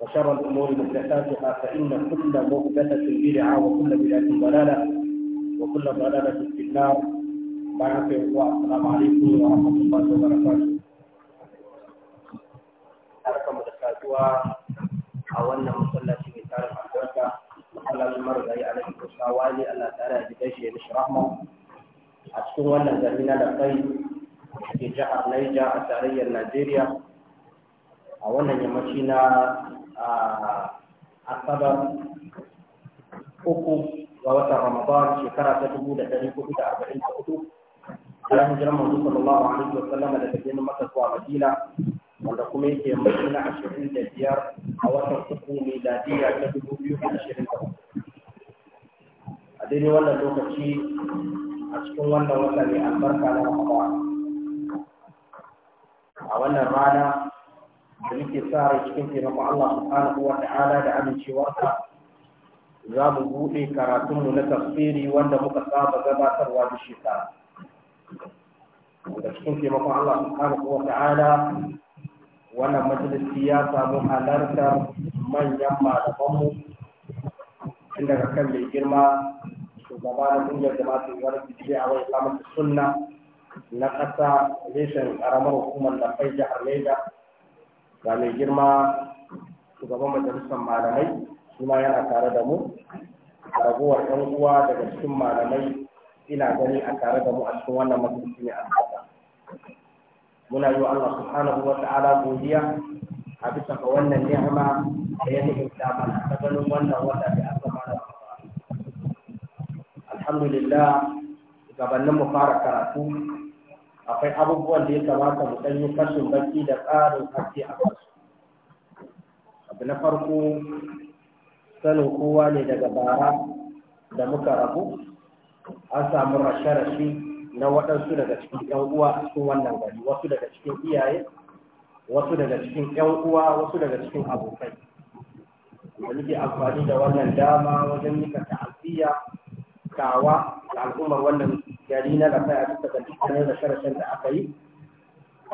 وشر الأمور محدثاتها فإن كل محدثة بدعة وكل بدعة ضلالة وكل ضلالة في النار بعد السلام عليكم ورحمة الله وبركاته barkan da saduwa a wannan masallaci mai tarin albarka masallacin marigayi a nan kusa wani Allah tare da gidan shi mishi rahma a cikin wannan gari na da kai ke jihar Niger a tarayyar Najeriya a wannan yammaci na A asabar uku ga watan ramadan shekara ta dubu da dari hudu da arba'in da hudu Alhamdulillah hijirar manzo sallallahu alaihi wa sallama daga birnin masa zuwa madina wanda kuma yake mai na ashirin da biyar a watan uku Ladiya ta dubu biyu da ashirin da hudu. a daidai wannan lokaci a cikin wannan wata mai albarka na ramadan a wannan rana da muke sa rai cikin taimakon Allah subhanahu wa ta'ala da amincewarsa za mu buɗe karatunmu na tafsiri wanda muka saba gabatarwa da shekara da cikin taimakon Allah subhanahu wa ta'ala wannan majalisi ya samu halarta manyan malamanmu tun daga kan mai girma shugaba na ƙungiyar jama'a wani bidiyo a wani sunna na ƙasa reshen ƙaramar hukumar da jihar Legas ga mai girma shugaban majalisar malamai shi ma yana tare da mu a ragowar ɗan uwa daga cikin malamai ina gani a tare da mu a cikin wannan majalisi ne muna yi wa Allah subhanahu wa ta'ala godiya a bisa ga wannan ni'ima da ya nufin damar ta ganin wannan wata da aka mana alhamdulillah gabanin mu fara karatu akwai abubuwan da ya kamata mu ɗanyi kashin baki da tsarin haske a kasu abu na farko sanin kowa ne daga bara da muka rabu an samu rashe-rashe na waɗansu daga cikin ‘yan uwa a cikin wannan gari wasu daga cikin iyaye wasu daga cikin ‘yan uwa wasu daga cikin abokai da muke amfani da wannan dama wajen nika ta'aziyya tawa da al'ummar wannan gari na da kai a bisa ga dukkanin rashe-rashen da aka yi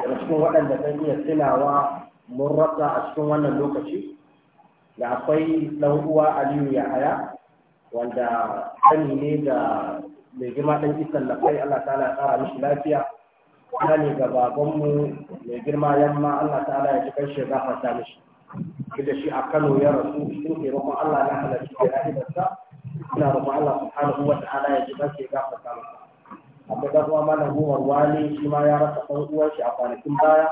daga cikin waɗanda zan iya tunawa mun rasa a cikin wannan lokaci da akwai ɗan uwa aliyu yahaya wanda sani ne da mai girma ɗan isan lafai allah ta'ala ya tsara mishi lafiya sani ga babanmu mai girma yamma allah ta'ala ya ji kan shi gafarta mishi da shi a kano ya rasu cikin taimakon allah na halarci da rahimarsa muna roƙon Allah subhanahu wa ta'ala ya ji kansa ga fata masa akwai dan uwa malam Umar wani shi ma ya rasa san uwar shi a kwanakin baya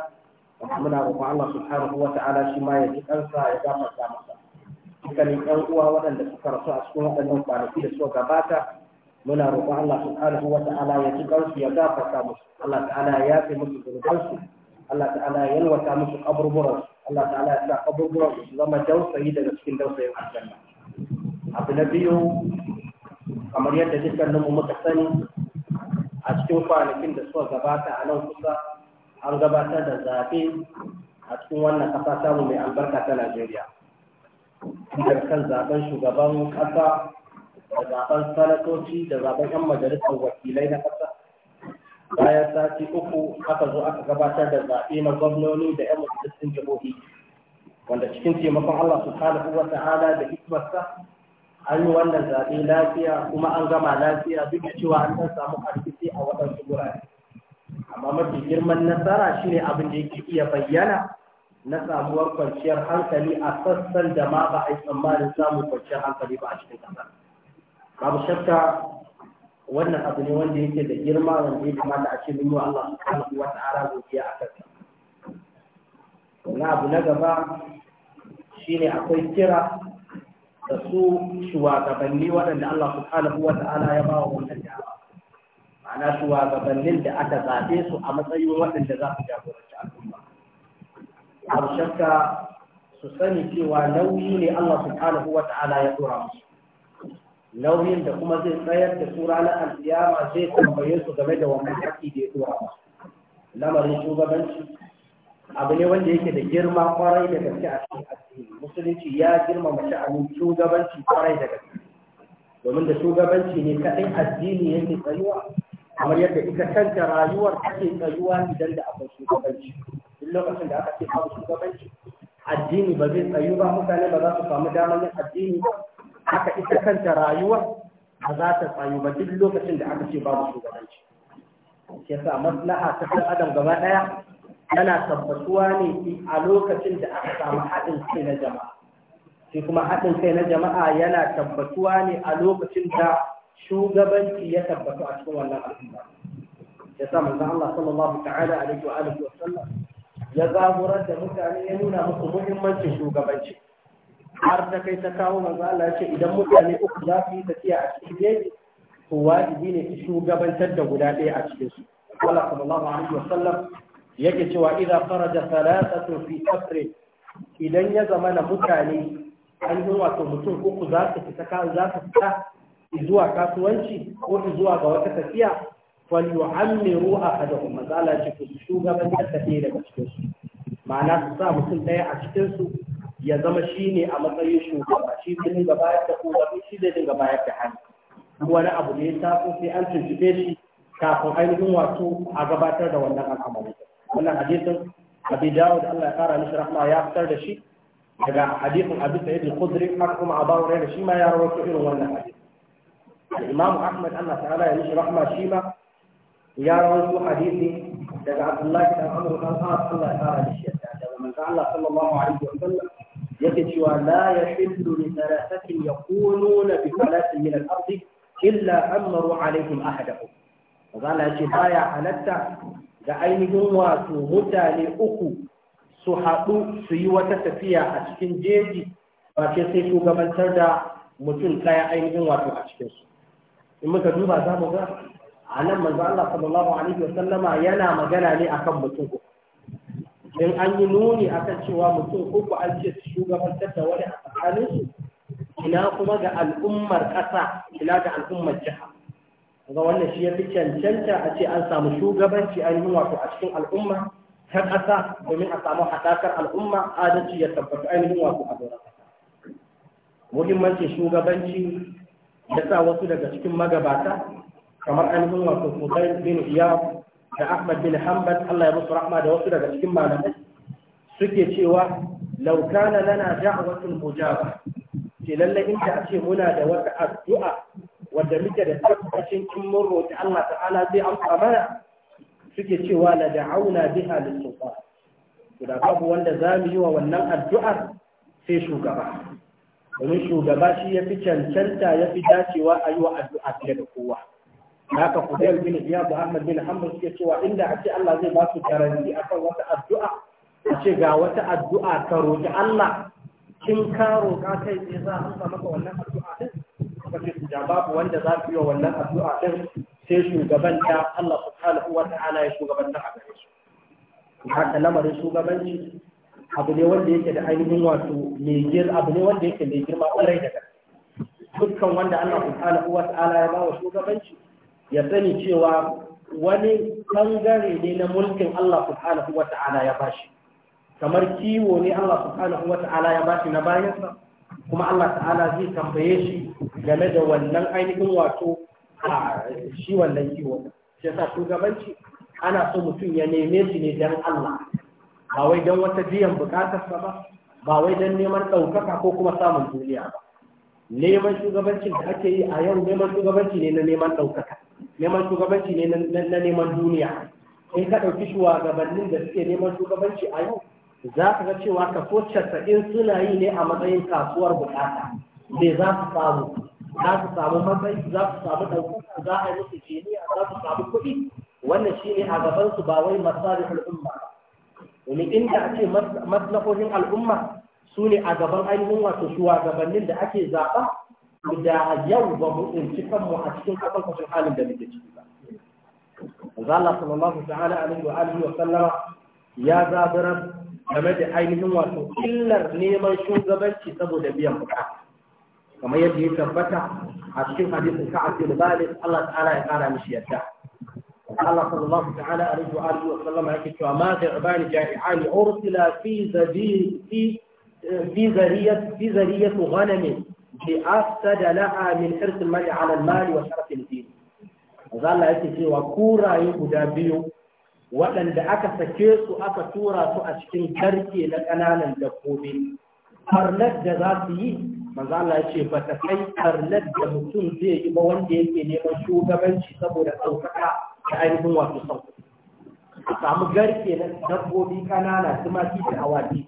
muna roƙon Allah subhanahu wa ta'ala shi ma ya ji kansa ya gafarta masa dukkanin ɗan uwa waɗanda suka rasu a cikin waɗannan kwanaki da suka gabata muna roƙon Allah subhanahu wa ta'ala ya ji kansu ya gafarta musu Allah ta'ala ya yafe musu zunubansu Allah ta'ala ya yalwata musu kaburburansu Allah ta'ala ya sa kaburburansu su zama dausayi daga cikin dausayin aljanna abu na biyu kamar yadda dukkaninmu muka sani a cikin kwanakin da suka gabata a nan kusa an gabatar da zaɓe a cikin wannan kasa samu mai albarka ta najeriya daga kan zaben shugaban kasa da zaben sanatoci da zaben 'yan majalisar wakilai na kasa bayan sati uku aka zo aka gabatar da zaɓe na gwamnoni da 'yan majalisar jihohi wanda cikin taimakon allah subhanahu wa ta'ala da hikimarsa an yi wannan zaɓe lafiya kuma an gama lafiya duk da cewa an ɗan samu karfice a waɗansu wurare amma mafi girman nasara shine abin da yake iya bayyana na samuwar kwanciyar hankali a sassan da ma ba a yi tsammanin samun kwanciyar hankali ba a cikin ƙasa babu shakka wannan abu ne wanda yake da girma wanda ya kamata a ce mun yi wa Allah subhanahu wa ta'ala godiya a kansa wannan abu na gaba shine akwai kira da su shuwagabanni waɗanda Allah subhanahu wa ta'ala ya ba wa wannan dama ma'ana shuwagabannin da aka zaɓe su a matsayin waɗanda za su jagoranci al'umma abu shakka su sani cewa nauyi ne Allah subhanahu wa ta'ala ya tura musu nauyin da kuma zai tsayar da su ranar alkiyama zai tambaye su game da wannan haƙƙi da ya tura musu lamarin shugabanci abu ne wanda yake da girma kwarai da gaske a cikin addini musulunci ya girma mace amin shugabanci kwarai da gaske domin da shugabanci ne kadai addini yake tsayuwa kamar yadda ita kanta rayuwar take tsayuwa idan da akwai shugabanci duk lokacin da aka ce babu shugabanci addini ba zai tsayu ba mutane ba za su samu damar yin addini ba haka ita kanta rayuwar ba za ta tsayu ba duk lokacin da aka ce babu shugabanci Ke sa maslaha ta ɗan adam gaba ɗaya yana tabbatuwa ne a lokacin da aka samu haɗin kai na jama'a shi kuma haɗin kai na jama'a yana tabbatuwa ne a lokacin da shugabanci ya tabbatu a cikin wannan al'umma ya sa manzon Allah sallallahu ta'ala alaihi wa alihi wa sallam ya zaburar da mutane ya nuna musu muhimmancin shugabanci har da kai ta kawo manzo Allah ya ce idan mutane uku za su yi tafiya a cikin jeji to wajibi ne ki shugabantar da guda ɗaya a cikin su Allah sallallahu alaihi wa sallam yake cewa idza faraja salatatu fi safri idan ya zama na mutane an yi wato mutum uku za su fita ka za su fita zuwa kasuwanci ko zuwa ga wata tafiya falyu'ammiru ahadahum mazala ce ku shugabantar da ɗaya daga cikin su ma'ana su sa mutum ɗaya a cikin su ya zama shine a matsayin shugaba shi zai dinga bayar da umarni shi zai dinga bayar da hannu wani abu ne ya taso sai an tuntuɓe shi kafin ainihin wato a gabatar da wannan al'amari wannan hadisin abi dawud Allah ya fara mishi rahma ya fitar da shi daga hadisin abi sa'id al-khudri har kuma abu hurairah shi ma ya rawaito irin wannan hadisi al-imam ahmad Allah ta'ala ya mishi rahma shi ma ya rawaito hadisi daga abdullahi dan amr dan as Allah ya fara mishi daga manzo Allah sallallahu alaihi wa sallam yake cewa la yahillu li thalathatin yaquluna bi thalathin min al-ardi illa amaru alaihim ahadahum manzo Allah ya ce baya halatta da ainihin wato mutane uku su haɗu su yi wata tafiya a cikin jeji ba ke sai shugabantar da mutum ɗaya ainihin wato a cikinsu in muka duba za mu ga a nan manzo Allah sallallahu alaihi wa sallama yana magana ne akan mutum uku in an yi nuni akan cewa mutum uku an ce su shugabantar da wani a tsakaninsu ina kuma ga al'ummar ƙasa ina ga al'ummar jiha ga wannan shi ya fi cancanta a ce an samu shugabanci a ainihin wato a cikin al'umma ta ƙasa domin a samu haɗakar al'umma adalci ya tabbata ainihin wato a doron muhimmancin shugabanci ya sa wasu daga cikin magabata kamar ainihin wato Fudail bin Iyad da Ahmad bin Hanbal Allah ya musu rahma da wasu daga cikin malamai suke cewa law kana lana da'watul mujaba ce lallai in ta ce muna da wata addu'a wadda muke da tabbacin in mun roƙi Allah ta'ala zai amsa mana suke cewa la da'auna biha lis-sultan da babu wanda za mu yi wa wannan addu'ar sai shugaba domin shugaba shi ya fi cancanta ya fi dacewa a yi wa addu'a fiye da kowa haka kudayar bin iyadu ahmad bin hanbal suke cewa inda a ce Allah zai ba su a kan wata addu'a a ce ga wata addu'a ka roƙi Allah kin ka roƙa kai sai za a maka wannan addu'a din suka ce da babu wanda za su yi wa wannan addu'a din sai shugaban ta Allah subhanahu wa ta'ala ya shugabanta a gare su haka lamarin shugabanci abu ne wanda yake da ainihin wato mai girma abu ne wanda yake mai girma kwarai da gaske dukkan wanda Allah subhanahu wa ta'ala ya ba wa shugabanci ya sani cewa wani bangare ne na mulkin Allah subhanahu wa ta'ala ya bashi kamar kiwo ne Allah subhanahu wa ta'ala ya bashi na bayansa kuma Allah ta'ala zai tambaye shi game da wannan ainihin wato a shi wannan kiwo shi yasa shugabanci ana so mutum ya neme shi ne dan Allah ba wai dan wata biyan bukatarsa ba ba wai dan neman ɗaukaka ko kuma samun duniya ba neman shugabancin da ake yi a yau neman shugabanci ne na neman ɗaukaka neman shugabanci ne na neman duniya in ka ɗauki shugabannin da suke neman shugabanci a yau za ka ga cewa ko casa'in suna yi ne a matsayin kasuwar bukata me za su samu za su samu matsayi za su samu ɗaukaka za a yi musu jiniya za su samu kuɗi wannan shi ne a gabansu ba wai masalin al'umma domin inda ake maslahohin al'umma su ne a gaban ainihin wato shugabannin da ake zaɓa da yau ba mu tsinci kanmu a cikin kafan kashin halin da muke ciki ba. Allah sallallahu ta'ala alaihi wa alihi wa sallama ya zaburar game da ainihin wato illar neman shugabanci saboda biyan bukata kamar yadda ya tabbata a cikin hadisin ka'ab bin malik Allah ta'ala ya kara mishi yadda Allah sallallahu ta'ala alaihi wa alihi wa sallam yake cewa ma da'bani ja'i'ani ursila fi zabi fi في ذرية في ذرية غنم بأفسد لها من حرص المال على المال وشرف الدين. قال الله يتي وكورا يبدا بيو waɗanda aka sake su aka tura su a cikin karke na ƙananan dabbobi farnar da za su yi mazala ce ba ta kai farnar da mutum zai yi ba wanda yake neman shugabanci saboda ɗaukaka da ainihin wasu sau a samu garke na dabbobi ƙanana su ma da awaki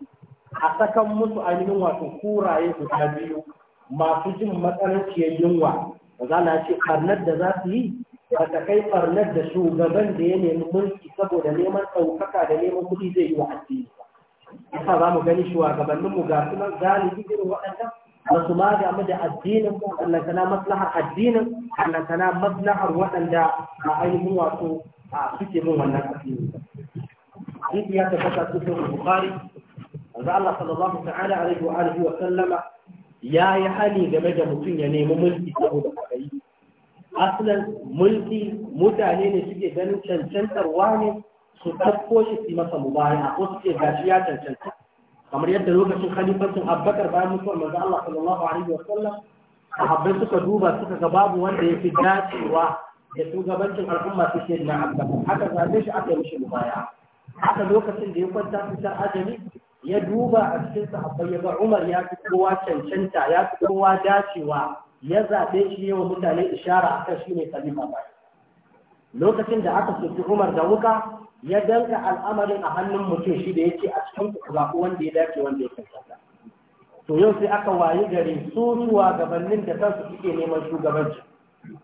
a sakan musu ainihin wato kuraye guda biyu masu jin matsananciyar yunwa manzo ya ce farnar da za su yi ba ta kai ɓarnar da shugaban da ya nemi mulki saboda neman ɗaukaka da neman kuɗi zai yi wa addini yasa za mu gani shugabannin mu ga kuma galibi irin waɗannan ba su ma damu da addinin mu kana maslahar addinin kana maslahar waɗanda a ainihin wato a suke bin wannan addini hadisi ya tabbata cikin bukhari manzo Allah sallallahu ta'ala alaihi wa alihi wa sallama ya yi hali game da mutum ya nemi mulki saboda kai aslan mulki mutane ne suke ganin cancantarwa ne su ɗauko shi su masa mubaya ko suke gashi ya cancanta kamar yadda lokacin khalifancin abbakar bayan mutuwar manzo Allah sallallahu alaihi wasallam Habbai suka duba suka ga babu wanda ya fi dacewa da shugabancin al'umma su ke na abbakar haka zabe shi aka yi mishi mubaya haka lokacin da ya kwanta fitar ajali ya duba a cikin sahabbai ya ga Umar ya fi kowa cancanta ya fi kowa dacewa ya zaɓe shi yawan mutane ishara akan shi ne khalifa ba lokacin da aka soki Umar da wuka ya danka al'amarin a hannun mutum shi da yake a cikin ku wanda ya dace wanda ya kanta to yau sai aka wayi gari su gabanin da kansu suke neman shugabanci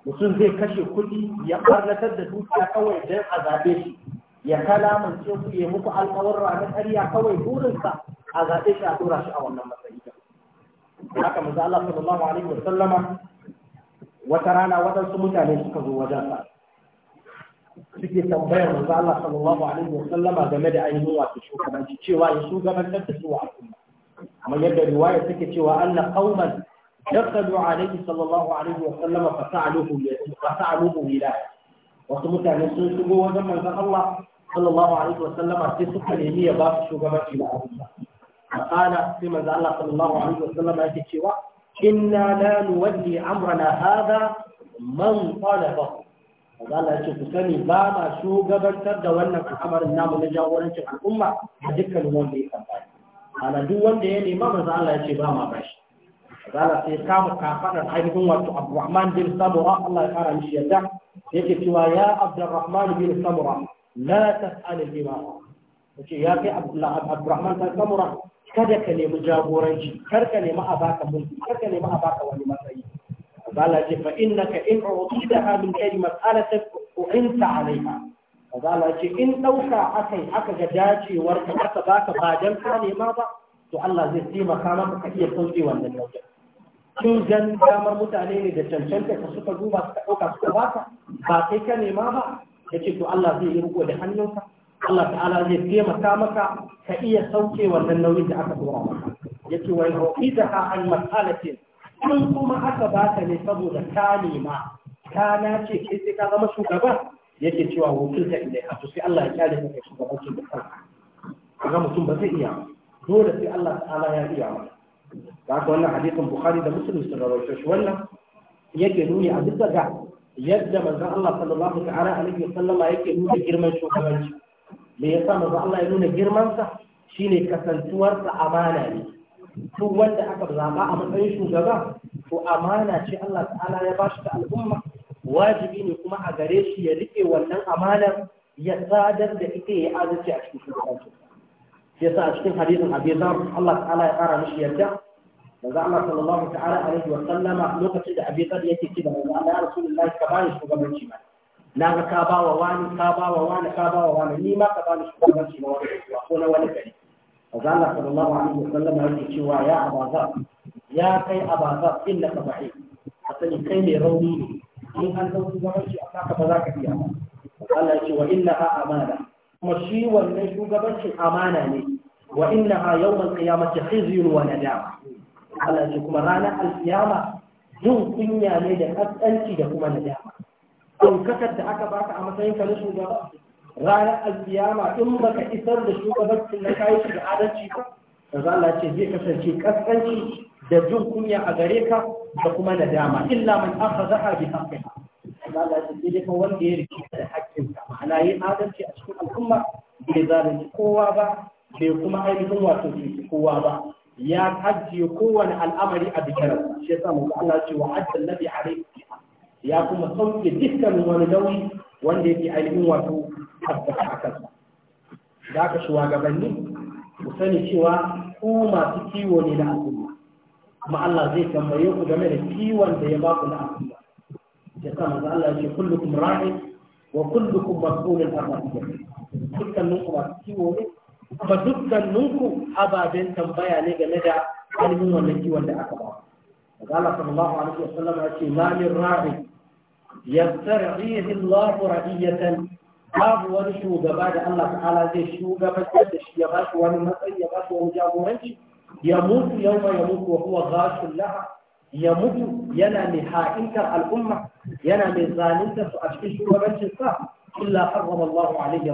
mutum zai kashe kuɗi ya ɓarnatar da dukiya kawai don a zaɓe shi ya kalamance ku ya muku alƙawar ranar ƙarya kawai burinsa a zaɓe shi a tura shi a wannan matsayi haka manzo Allah sallallahu alaihi wa wata rana waɗansu mutane suka zo wajen sa suke tambayar manzo Allah sallallahu alaihi wa game da ainihin wato shugabanci cewa ya shugabantar da su a al'umma amma yadda riwaya take cewa anna qauman dakhalu alaihi sallallahu alaihi wa sallama fa sa'aluhu fa sa'aluhu wilaya wasu mutane sun shigo wajen manzon Allah sallallahu alaihi wa sai suka nemi ya ba su shugabanci da al'umma فقال في من الله صلى الله عليه وسلم أتشوى إنا لا نولي أمرنا هذا من طلبه فقال أتشوى سني باما شو قبل تبدا وأنك أمر النام نجاو ونشك الأمة فذكا نولي كبار أنا دو وندي يعني ما مزال الله يتشوى باما باش قال في كام كافر الحين هو عبد الرحمن بن سمرة الله يقرأ مش يدع يكتوى يا عبد الرحمن بن سمرة لا تسأل الإمارة ce ya kai Abdurrahman dan Samura kada ka nemi jagoranci kar ka nemi a baka mulki kar ka nemi a baka wani matsayi Allah ce fa innaka in utida min ayyi mas'alatin u'inta alaiha Allah ce in dauka akai aka ga dacewar ka aka baka ba dan ka nema ba to Allah zai taimaka maka ka iya sauke wannan nauyin kin gan damar mutane ne da cancanta ka suka duba suka dauka suka baka ba kai ka nema ba yace to Allah zai yi riko da hannunka Allah ta'ala zai taimaka maka ka iya sauke wannan nauyin da aka dora maka yace wa yuqidaha an mas'alatin in kuma aka baka ne saboda ka nema ka nace kai sai ka zama shugaba yake cewa wakilta ilai a to sai Allah ya kyale maka shugabancin da kanka kaga mutum ba zai iya dole sai Allah ta'ala ya iya maka da haka wannan hadisin Bukhari da Muslim sun rawaito shi wannan yake nuni a bisa ga yadda manzon Allah sallallahu ta'ala alaihi wasallama yake nuna girman shugabanci me yasa manzo Allah ya nuna girman sa shine kasantuwar sa amana ne duk wanda aka zaba a matsayin shugaba to amana ce Allah ta'ala ya bashi ta al'umma wajibi ne kuma a gare shi ya rike wannan amanar ya sadar da ita ya adalci a cikin shugabanci yasa a cikin hadisin Abi Allah ta'ala ya fara mishi yarda manzo Allah sallallahu ta'ala alaihi wa sallama lokacin da Abi Dharr yake cewa manzo Allah ya rasulullahi ka bani shugabanci ba na ga ka ba wa wani ka ba wa wani ka ba wa wani ni ma ka ba ni shugabanci na wani kuwa ko na wani gari azza Allah sallallahu alaihi wasallam yake cewa ya abaza. ya kai abaza, inna ka ba'i ka sani kai mai rauni ne in an dauki shugabanci a saka ba za ka iya ba Allah ya ce wa inna ha amana kuma shi wannan shugabancin amana ne wa inna ha yawmal qiyamati khizyun wa nadama Allah ya ce kuma ranar alkiyama jin kunya ne da kaskanci da kuma nadama ɗaukakar da aka baka a matsayin ka na shugaba ranar alkiyama in baka isar da shugabancin na kayi shi da adalci ba kaza ce zai kasance kaskanci da jin kunya a gare ka da kuma nadama illa man akhadha bi haqqiha kaza ce zai dai wanda ya rike da haƙƙin ka. ma'ana yin adalci a cikin al'umma bai zalunci kowa ba bai kuma ainihin wato cuci kowa ba ya ajiye kowane al'amari a bikin shi yasa mu Allah ce wa adda nabi alaihi ya kuma sauke dukkanin wani nauyi wanda yake ainihin wato tabbata a kansa da aka shugabanni ku sani cewa ku masu kiwo ne na al'umma kuma Allah zai tambaye ku game da kiwon da ya baku na al'umma ya sa manzo Allah ya ce kullukum ra'i wa kullukum mas'ulun an ra'iyati dukkanin ku masu kiwo ne kuma dukkanin ku ababen tambaya ne game da ainihin wannan kiwon da aka ba قال صلى الله عليه وسلم ما من راعي يسترعيه الله رعية babu wani shugaba da Allah ta'ala zai shugabantar da shi ya ba wani matsayi ya ba wani jagoranci ya mutu yau ya mutu wa huwa ya mutu yana mai ha'intar al'umma yana mai zalunta a cikin shugabancin sa illa harrama Allah ya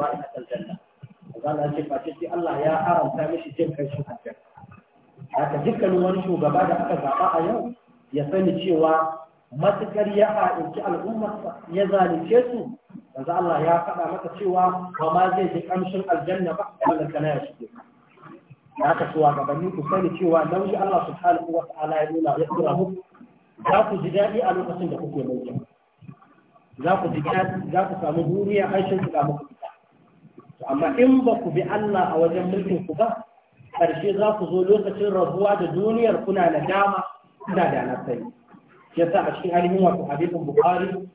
ce Allah ya mishi jin kai shi aljanna haka dukkanin wani shugaba da aka zaɓa a yau ya sani cewa matukar ya ha'inci al'ummarsa ya zalice su yanzu Allah ya faɗa maka cewa ba ma zai ji ƙamshin aljanna ba wannan kana ya shige ya ka suwa gabanin ku sani cewa nauyi Allah kuwa su ala ya nuna ya tura muku za ku ji daɗi a lokacin da kuke mulki za ku ji daɗi za ku samu duniya aishin su ga muku amma in ba ku bi Allah a wajen mulkin ku ba ƙarshe za ku zo lokacin rabuwa da duniyar kuna na dama kuna da nasai. Yasa a cikin ainihin wato hadisin bukari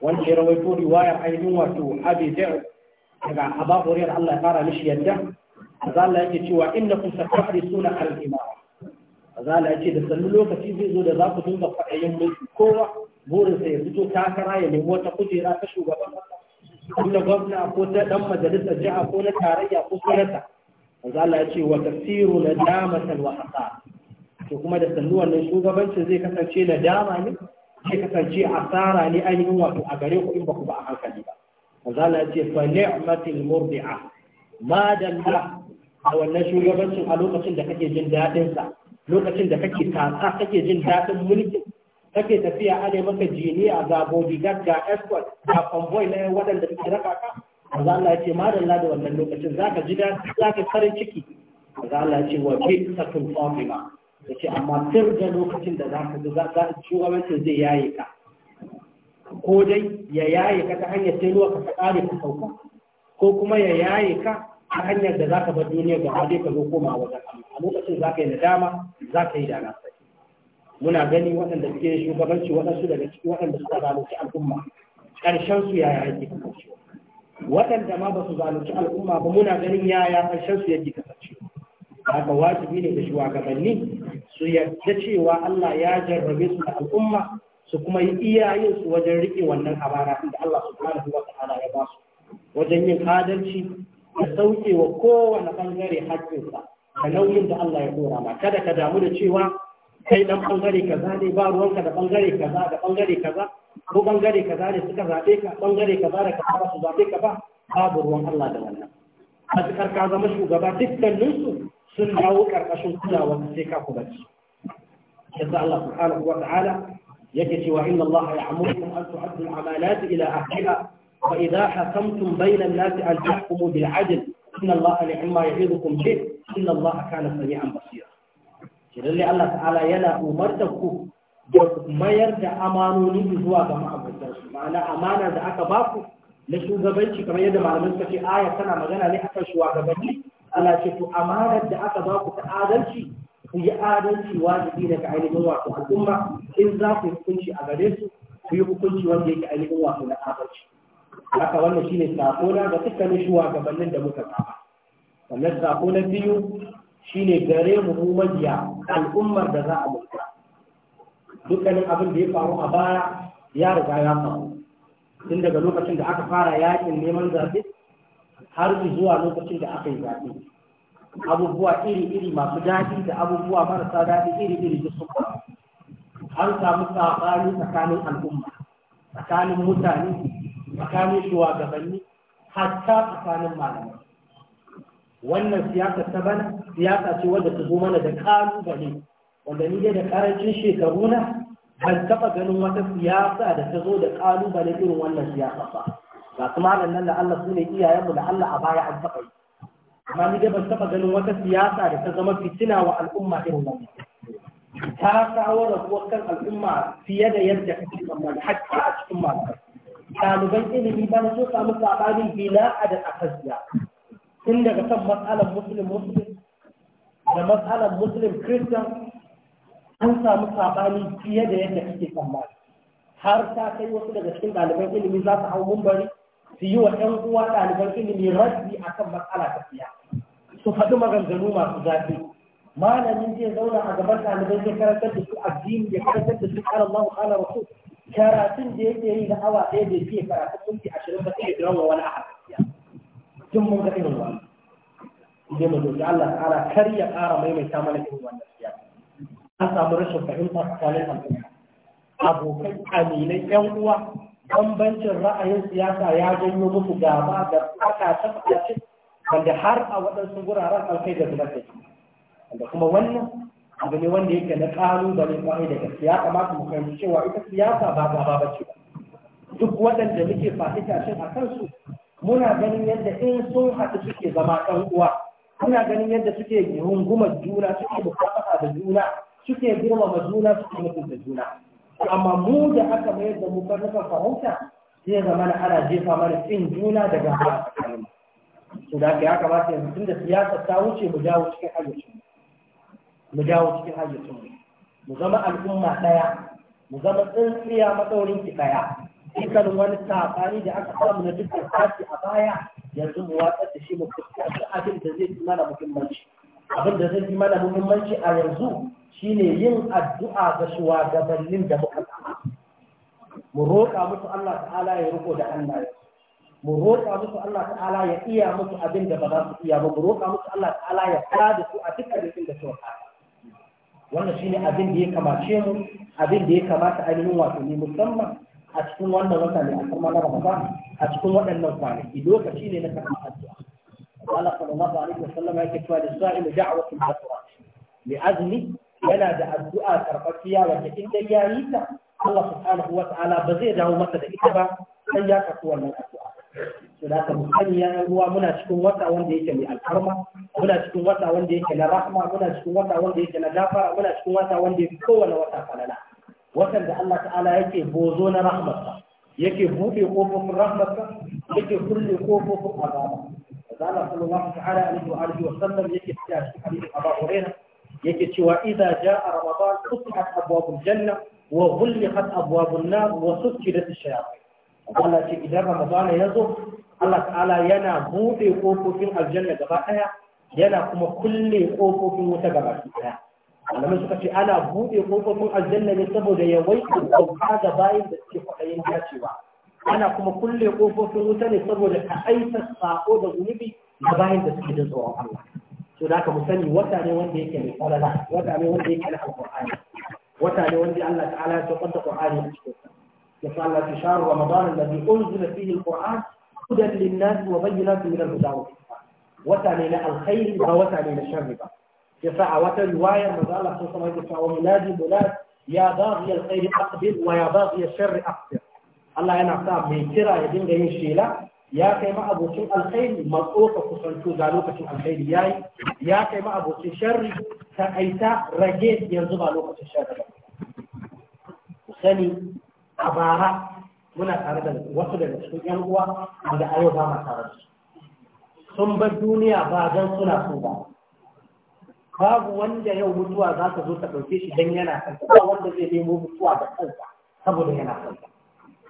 wanda ya rawaito riwayar ainihin wato abi dar daga aba Allah ya fara mishi yadda azala yake cewa innakum satahrisuna al-imam azala yake da sannu lokaci zai zo da za ku dinga fadayin mulki kowa burinsa ya fito takara ya nemi wata kujera ta shugaban kasa ko na gwamna ko ta dan majalisar jiha ko na tarayya ko sanata manzo Allah ya ce wa tafsiru nadamatan wa hasa to kuma da sannu wannan shugabancin zai kasance na dama ne zai kasance asara ne ainihin wato a gare ku in ba ku ba a hankali ba manzo Allah ya ce fa ni'matil murdi'a ma dalla a wannan shugabancin a lokacin da kake jin daɗin sa lokacin da kake tasa kake jin daɗin mulki kake tafiya ana maka jini a gabobi ga escort ga convoy na waɗanda suke raka ka maza Allah ya ce madalla da wannan lokacin zaka ji da zaka farin ciki maza Allah ya ce wa bi satun fatima ya ce amma sir da lokacin da zaka ji zaka shugabancin zai yaye ka ko dai ya yaye ka ta hanyar sai ruwa ka ta kare ka sauka ko kuma ya yaye ka ta hanyar da zaka bar duniya gaba dai ka zo koma wajen Allah a lokacin zaka yi nadama zaka yi dana muna gani waɗanda suke shugabanci waɗansu daga ciki waɗanda suka zalunci al'umma ƙarshen su yaya ake kasancewa waɗanda ma ba su zalunci al'umma ba muna ganin yaya ƙarshen su yake kasance haka wajibi ne da shuwagabanni su yarda cewa Allah ya jarrabe su da al'umma su kuma yi iyayen su wajen riƙe wannan abara da Allah subhanahu wa ta'ala ya ba su wajen yin adalci da sauke wa kowane bangare haƙƙinsa da nauyin da Allah ya dora ma kada ka damu da cewa kai dan bangare kaza ne ba ruwanka da bangare kaza da bangare kaza ko bangare kaza ne suka zaɓe ka bangare kaza da kaza ba su zaɓe ka ba babu ruwan Allah da wannan matukar ka zama shugaba dukkaninsu sun dawo karkashin kulawa sai ka kula su yasa Allah subhanahu wa ta'ala yake cewa inna Allah ya'murukum an tu'addu al-amanati ila ahliha wa idha hakamtum bayna an-nasi an tahkumu bil 'adl inna Allah ni'ma ya'idukum bih inna Allah kana sami'an basira shi lalle Allah ta'ala yana umarta ku da mayar da amanoni zuwa ga ma'abutar ma'ana amana da aka ba ku na shugabanci kamar yadda malamin suka ce aya tana magana ne akan shugabanni Allah ce ku amanar da aka ba ku ta adalci ku yi adalci wajibi daga ainihin wato al'umma in za ku hukunci a gare su ku yi hukunci wanda yake ainihin wato na adalci haka wannan shine sako na ga dukkanin shugabannin da muka saba sannan sako na biyu shine gare mu mu majiya al'ummar da za a mutu dukkanin abin da ya faru a baya ya riga ya faru tun daga lokacin da aka fara yakin neman zaɓe har zuwa lokacin da aka yi zaɓe abubuwa iri-iri masu daɗi da abubuwa marasa daɗi iri-iri da su an samu saɓani tsakanin al'umma tsakanin mutane tsakanin shugabanni hatta tsakanin malamai wannan siyasa ta bana siyasa ce wadda ta zo mana da ƙalubale wanda ni dai da ƙarancin shekaru na ban taɓa ganin wata siyasa da ta zo da ƙalubale irin wannan siyasa ba ga kuma nan da Allah sune ne iyayenmu da Allah a baya an taɓa yi amma ni dai ban taɓa ganin wata siyasa da ta zama fitina wa al'umma irin wannan ta kawo rabuwar kan al'umma fiye da yadda kake tsammani hatta a cikin malamai ɗaliban ilimi ba na so samu saɓanin bila a da akasiya tun daga kan matsalar muslim muslim da matsalar muslim christian an samu sabani fiye da yadda kake tsammani har ta kai wasu daga cikin ɗaliban ilimi za su hau mumbari su yi wa ‘yan uwa ɗaliban ilimi rabbi a kan matsala ta fiya su faɗi maganganu masu zafi malamin zai zauna a gaban ɗaliban zai karantar da su addini ya karantar da su ƙara Allah ƙara rasu karatun da yake yi da awa ɗaya da fiye karatun minti ashirin ba sai ya wani a tun mun ga irin wannan idan mu roki Allah ta'ala kar ya ƙara maimaita mana irin wannan siyasa an samu rashin fahimta tsakanin al'umma abokai aminai ƴan uwa bambancin ra'ayin siyasa ya janyo musu gaba da ta tsakace wanda har a waɗansu guraren alkai da zubar da shi wanda kuma wannan abu ne wanda yake na ƙalubale ƙwarai da siyasa kamata mu fahimci cewa ita siyasa ba gaba ba ce duk waɗanda muke fahimta shin a kansu muna ganin yadda in sun haɗu suke zama ɗan uwa muna ganin yadda suke guma juna suke bukata da juna suke girmama juna suke mutunta juna amma mu da aka mayar da mu karnukan farauta zai zama na ana jefa mana cin juna daga hana tsakanin su da ya kamata yanzu tun da siyasa ta wuce mu jawo cikin hayyacin mu jawo cikin hayyacin mu mu zama al'umma ɗaya mu zama tsintsiya matsaurin ki ɗaya dukkan wani sabani da aka samu na dukkan sashi a baya yanzu mu watsar da shi mu da abin da zai fi mana muhimmanci abin da zai fi mana muhimmanci a yanzu shine yin addu'a ga shugabannin da muka samu mu roƙa musu Allah ta'ala ya riko da Allah mu roƙa musu Allah ta'ala ya iya musu abin da ba za su iya ba mu roƙa musu Allah ta'ala ya kula da su a dukkan rikin da suka kasa wannan shine abin da ya kamace mu abin da ya kamata ainihin wato ne musamman a cikin wannan wata ne a kuma na Ramadan a cikin waɗannan kwanaki lokaci ne na karɓar addu'a Allah sallallahu alaihi wasallam yake cewa da sa'ilu da'watul hasrat li azmi yana da addu'a karɓaciya wanda in dai ya yi ta Allah subhanahu wa ta'ala ba zai dawo masa da ita ba sai ya karɓi wannan addu'a to da ta musani ya ruwa muna cikin wata wanda yake mai alfarma muna cikin wata wanda yake na rahma muna cikin wata wanda yake na gafara muna cikin wata wanda yake kowane wata falala waɗanda Allah ta'ala yake bozo na rahmarsa yake buɗe ƙofofin rahmarsa yake kulle kofofin azaba azala sallallahu ta'ala alaihi wa alihi wa sallam yake cewa shi hadisi Abu Hurairah yake cewa idza jaa ramadan futihat abwabul janna wa ghulqat abwabun nar wa sukkidat ash-shayatin Allah ce idan ramadan ya zo Allah ta'ala yana buɗe ƙofofin aljanna gaba ɗaya yana kuma kulle ƙofofin wuta gaba ɗaya malamai suka ce ana buɗe kofofin aljanna ne saboda ya waita kauta ga bayan da suke kwaɗayin dacewa ana kuma kulle kofofin wuta ne saboda ka aita sako da zunubi ga bayan da suke da tsoron Allah to da mu sani wata ne wanda yake mai falala wata ne wanda yake na alqur'ani wata ne wanda Allah ta'ala ya saukar da qur'ani a cikin sa ya sa Allah ta sharu ramadan alladhi unzila fihi alqur'an hudan lin-nas wa bayyinatin min al-huda wata ne na alkhairi ba wata ne na sharri ba يسعى وترواية ماذا الله صلى الله عليه وسلم ولادي بلاد يا باغي الخير أقبل ويا باغي الشر أقبل الله أنا أعطاب من كرا يدين غير شيلة يا كيما أبو تشم الخير مضعوطة خصوصا شو زالوكة تشم الخير ياي يا كيما أبو تشم شر سأيتا رجيت ينزو بالوكة الشر وثاني عبارة من أقارب الوصول الوصول ينقوى ماذا أيضا أيوة ما تارج ثم بالدنيا بعد أن سنة سنة babu wanda yau mutuwa za ta zo ta ɗauke shi don yana kansa ba wanda zai nemo mutuwa da kansa saboda yana kansa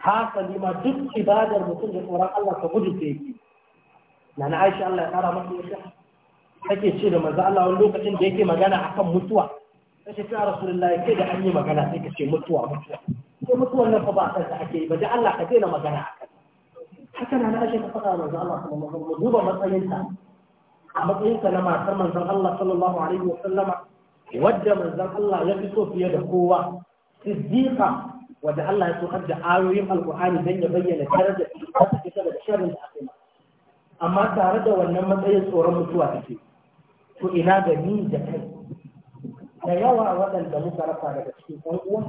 hasali ma duk ibadar mutum da tsoron Allah ta gudu ta yake na na Aisha Allah ya tsara masa yadda take ce da manzo Allah wani lokacin da yake magana akan mutuwa sai ta Rasulullahi sai da an yi magana sai ka ce mutuwa mutuwa sai mutuwan nan fa ba kansa ake yi ba da Allah ka daina magana akan haka na na Aisha ta faɗa maza Allah sallallahu alaihi wasallam duba matsayinta a matsayinsa na matar manzon Allah sallallahu alaihi wa sallama wadda manzon Allah ya fi so fiye da kowa siddiqa wadda Allah ya saukar da ayoyin alkur'ani don ya bayyana darajar da ta fita daga sharrin da aka amma tare da wannan matsayin tsoron mutuwa take to ina ga ni da kai da yawa waɗanda muka rasa daga cikin ɗan uwa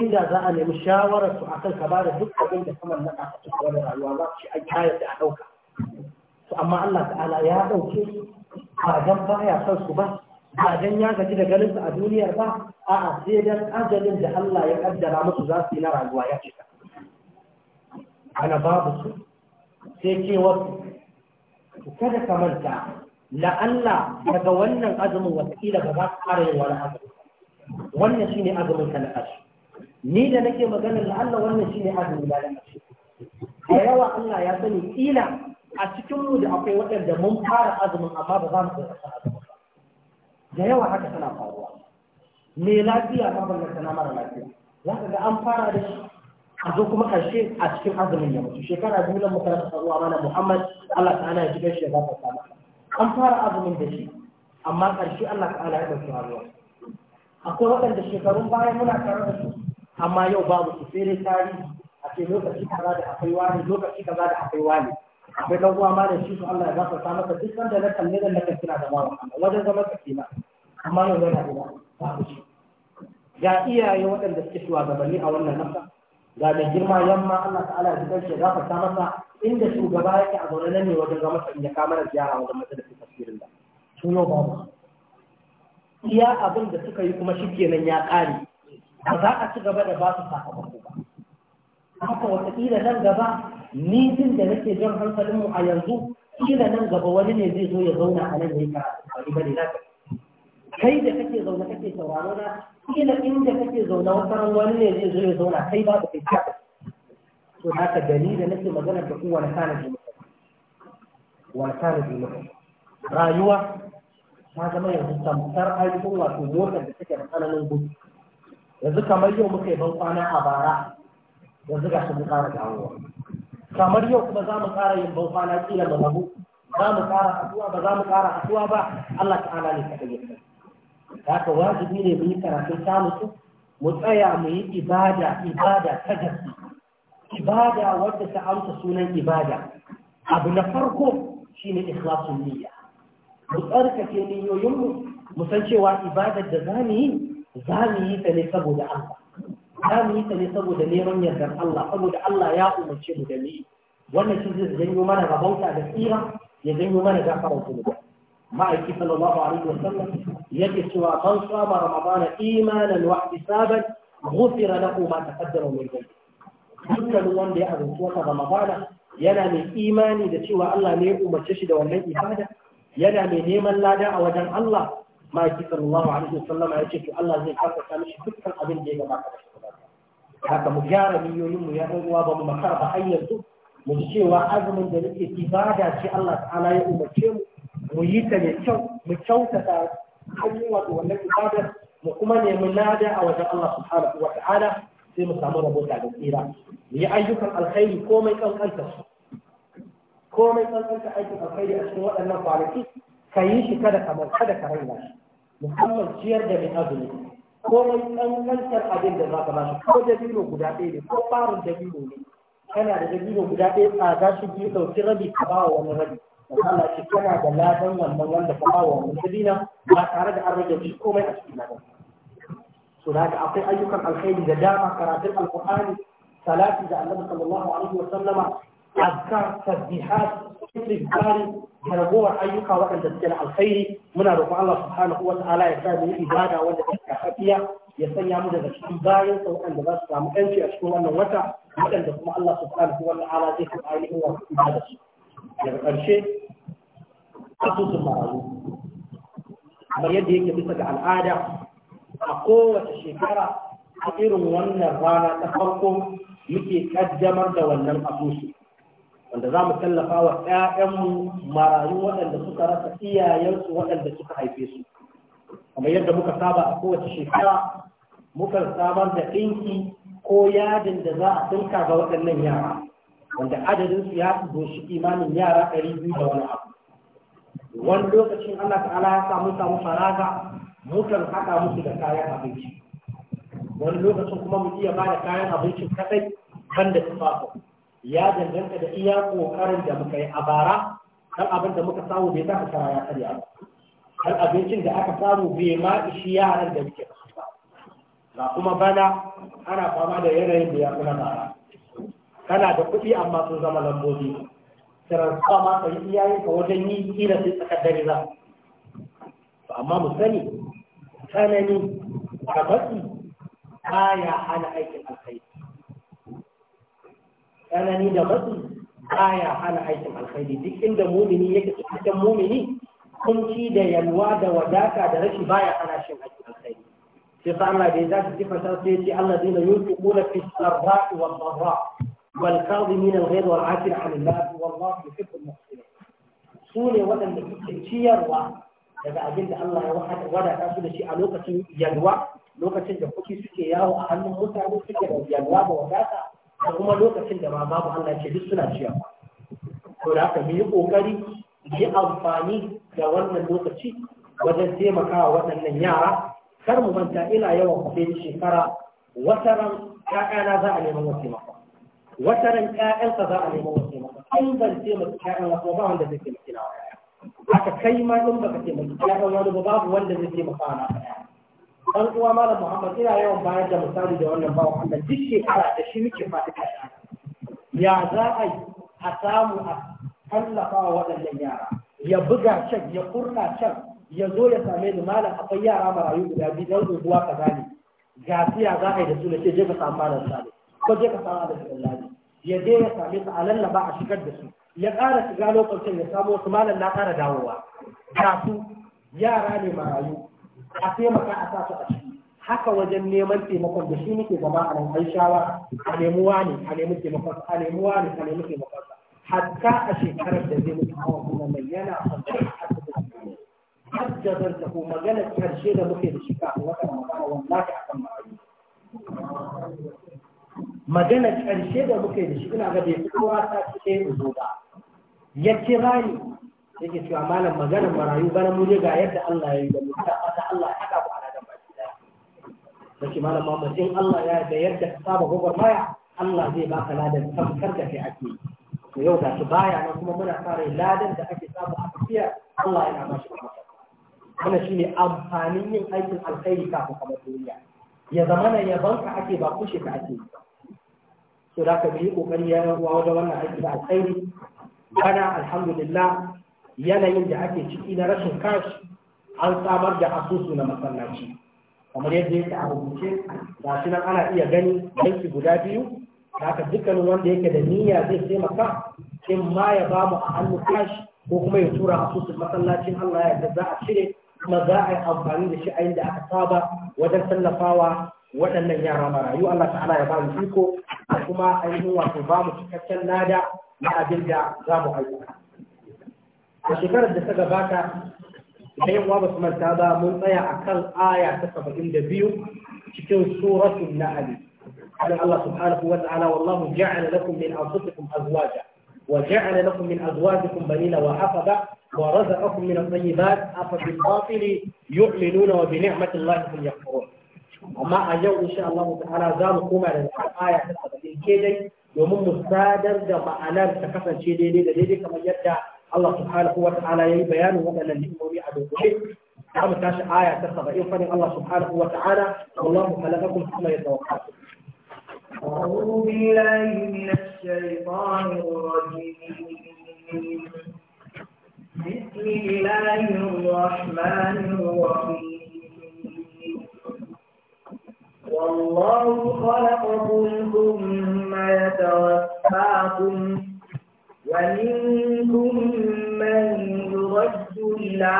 inda za a nemi shawararsu akan ka bada duk abin da kamar na ka cikin wani rayuwa za su ci an da a ɗauka amma Allah ta'ala ya ɗauke su ba dan baya son su ba ba don ya gaji da ganin su a duniyar ba a'a sai don ajalin da Allah ya kaddara musu za su yi na rayuwa ya cika ana babu su sai ce wasu kada ka manta Allah daga wannan azumin watakila ba za ka ƙara yin wani azumi wannan shine azumin ka na ƙarshe ni da nake magana la'alla wannan shine azumin na ƙarshe da yawa Allah ya sani kila a cikin mu da akwai waɗanda mun fara azumin amma ba za mu ɗaukaka azumin ba da yawa haka tana faruwa me lafiya ma ballanta na mara lafiya za ka ga an fara da shi a zo kuma ƙarshe a cikin azumin ya mutu shekara biyu nan muka rasa faruwa mana muhammad allah ta'ala ya shiga shi ya zafa sa an fara azumin da shi amma ƙarshe allah ta'ala ya ɗauki rayuwa akwai waɗanda shekarun baya muna tare da su amma yau babu su sai dai tarihi a ce lokaci kaza da akwai wani lokaci kaza da akwai wani akwai dan uwa ma da shi su Allah ya ta maka duk wanda na kalle da naka kira da mawa wajen zama ka kila amma yau yana da babu shi ga iyaye waɗanda suke shugabanni a wannan nasa ga da girma yamma Allah ta'ala ya zubar shi ta masa inda shugaba yake a zaune ne wajen zama sa ya kama da ziyara wajen da majalisar firin da su yau babu iya abin da suka yi kuma shi kenan ya ƙare ba za a ci gaba da ba su sakamako ba haka wataƙila nan gaba ni jin da nake jan hankalin mu a yanzu kila nan gaba wani ne zai zo ya zauna a nan yayi ka da bari na kai da kake zaune kake sauraro na kila inda kake zaune wata ran wani ne zai zo ya zauna kai ba kai ka to haka gani da nake magana da ku wani kana ji wani kana ji rayuwa ta zama yanzu tamkar aikin wato motar da take da tsananin gudu yanzu kamar yau muka yi ban kwana a bara yanzu ga shi mu ƙara dawowa kamar yau kuma za mu ƙara yin bauta na ƙila ba zamu za mu ƙara haɗuwa ba za mu ƙara haɗuwa ba Allah ta'ala ne kaɗai ya sani haka wajibi ne mu yi karatun samusu mu tsaya mu yi ibada ibada ta gaske ibada wadda ta amsa sunan ibada abu na farko shine ikhlasun niyya mu tsarkake niyoyinmu mu san cewa ibadar da za mu yi za mu yi ta ne saboda Allah za mu yi ta ne saboda neman yardar Allah saboda Allah ya umarce mu da ni wannan shi zai janyo mana rabauta da tsira ya janyo mana gafarar zunuba ma'aiki sallallahu alaihi wa sallam yake cewa man saba ramadana imanan wa ihtisaban ghufira lahu ma taqaddama min dhanbi Dukkan wanda ya azumci wata ramadana yana mai imani da cewa Allah ne ya umarce shi da wannan ibada yana mai neman lada a wajen Allah maki sallallahu alaihi wasallam ya ce to Allah zai karkata mishi dukkan abin da ya gabata da shi haka mu gyara niyoyin mu ya uwa ba mu makara ba har yanzu mu ji cewa azumin da nake ibada ce Allah ta'ala ya umarce mu mu yi ta ne kyau mu kyautata hanyar wato wannan ibadar mu kuma nemi lada a wajen Allah subhanahu wa ta'ala sai mu samu rabota da tsira mu yi ayyukan alkhairi komai kankanta su komai kankanta aikin alkhairi a cikin waɗannan kwanaki ka yi shi kada kamar kada ka raina shi musamman ciyar da mai azumi komai ƙanƙantar abin da za ka ba shi ko dabino guda ɗaya ne ko ɓarin dabino ne kana da dabino guda ɗaya tsada shi biyu ɗauki rabi ka ba wa wani rabi Allah ce kana da ladan wannan wanda ka ba wa wani dabina ba tare da an rage shi komai a cikin ladan so da haka akwai ayyukan alkhairi da dama karatun alqur'ani salati da annabi sallallahu alaihi wa sallama azkar tasbihat istighfari da ragowar ayyuka waɗanda suke na alkhairi muna roƙon Allah subhanahu wa ta'ala ya sa mu yi ibada wanda take kafafiya ya sanya mu daga cikin bayan sa waɗanda za su samu ɗanci a cikin wannan wata waɗanda kuma Allah subhanahu wa ta'ala zai kafa ainihin wa su daga ƙarshe asusun marayu kamar yadda yake bisa ga al'ada a kowace shekara a irin wannan rana ta farko muke kaddamar da wannan asusun. wanda za mu tallafa wa ‘ya'yanmu marayu waɗanda suka rasa iyayensu waɗanda suka haife su kamar yadda muka saba a kowace shekara mukan samar da ɗinki ko yadin da za a tunka ga waɗannan yara wanda adadinsu ya doshi imanin yara ɗari biyu da wani abu wani lokacin Allah ta'ala ya samu samu faraga mukan haɗa musu da kayan abinci wani lokacin kuma mu iya ba da kayan abincin kaɗai banda da tufafin ya danganta da iya kokarin da muka yi a bara kan abin da muka samu bai taka shara ya karya ba kan abincin da aka samu bai ma ishi yaran da muke da ba ga kuma bana ana fama da yanayin da ya fi na bara kana da kuɗi amma sun zama lambobi transfer ma ka yi iyayen ka wajen yi kila sai tsakar dare za amma mu sani tsanani a matsi baya hana aikin alkhairi tsanani da matsi baya hana aikin alkhairi duk inda mumini yake cikin mumini kunci da yalwa da wadata da rashi baya hana shin aikin alkhairi sai sa Allah bai zaka ji fasa sai ce Allah dina yunfiquna fi sarra'i wal dharra wal kadhimin al ghayr wal 'afin 'an al wallahu yuhibbu al Su sune wadanda suke ciyarwa daga abin da Allah ya wadata su da shi a lokacin yalwa lokacin da kuki suke yawo a hannun mutane suke da yalwa da wadata da kuma lokacin da ma babu Allah ke duk suna ba, to da aka mu yi kokari yi amfani da wannan lokaci wajen taimakawa waɗannan yara kar mu manta ina yawan kuɗin shekara wataran ƴaƴana za a neman wasu maka wataran ƴaƴansa za a neman wasu maka an ban taimaka ƴaƴan wasu ba wanda zai taimaki na waya haka kai ma in baka taimaki ƴaƴan wani ba babu wanda zai taimaka na waya dan uwa malam Muhammad ina yawan bayar da misali da wannan bawa wanda duk shekara da shi muke fadi kashi ya za a yi a samu a tallafa wa waɗannan yara ya buga can ya kurna can ya zo ya same ni malam akwai yara marayu guda biyu dan zuwa ka ne ga siya za a yi da su na ce je ka samu malam sale ko je ka samu malam sallani ya je ya same su a lallaba a shigar da su ya ƙara shiga lokacin ya samu wasu malam na ƙara dawowa ga su yara ne marayu a taimaka a sa a ciki haka wajen neman taimakon da shi muke gaba a nan ai shawa a nemi wani a nemi taimakon a nemi wani a nemi taimakon hatta a shekarar da zai mutu hawa kuma mai yana a asibiti har da zan tafi maganar karshe da muke da shi kafin wata magana ka akan magana magana karshe da muke da shi ina ga bai fito ta ce zo ba ya kira ni yake cewa malam maganar marayu bana mu ga yadda Allah ya yi da mu da fata Allah ya haɗa ku a nan baki daya nake malam Muhammad in Allah ya da yadda ka saba gobar maya Allah zai baka ladan tamkar da kai ake yi to yau da su baya nan kuma muna fara ladan da ake samu a tafiya Allah yana ba shi wannan shine amfanin yin aikin alkhairi kafin kamar duniya ya zamana banka ake ba kushe ka ake yi to da ka bi kokari ya uwa wajen wannan aikin da alkhairi bana alhamdulillah yanayin da ake ciki na rashin kashi an samar da asusu na masallaci kamar yadda yake a rubuce ga shi nan ana iya gani banki guda biyu haka dukkanin wanda yake da niyya zai taimaka in ma ya ba mu a hannu kashi ko kuma ya tura asusun masallacin Allah ya za a cire kuma za a yi amfani da shi a inda aka saba wajen tallafawa waɗannan yara marayu Allah ta'ala ya ba mu iko kuma ainihin wato ba mu cikakken lada na abin da za mu aikata a shekarar da ta gabata da yawa ba su manta ba mun tsaya a kan aya ta saba'in da biyu cikin suratun na'ali قال الله سبحانه وتعالى والله جعل لكم من أنفسكم أزواجا وجعل لكم من أزواجكم بنين وحفظة ورزقكم من الطيبات أفبالباطل يؤمنون وبنعمة الله هم يكفرون أما أجو إن شاء الله تعالى زام قوم على الآية الأولى كيدي domin mu sadar da ma'anar ta kasance daidai da daidai kamar yadda الله سبحانه وتعالى يلي بيان وقال لهم مولي عدو وحيد عمل كاش آية تخطب إيه الله سبحانه وتعالى والله خلقكم كما يتوقع أعوذ بالله من الشيطان الرجيم بسم الله الرحمن الرحيم والله خلقكم ثم يتوفاكم ومنكم من يرد إلى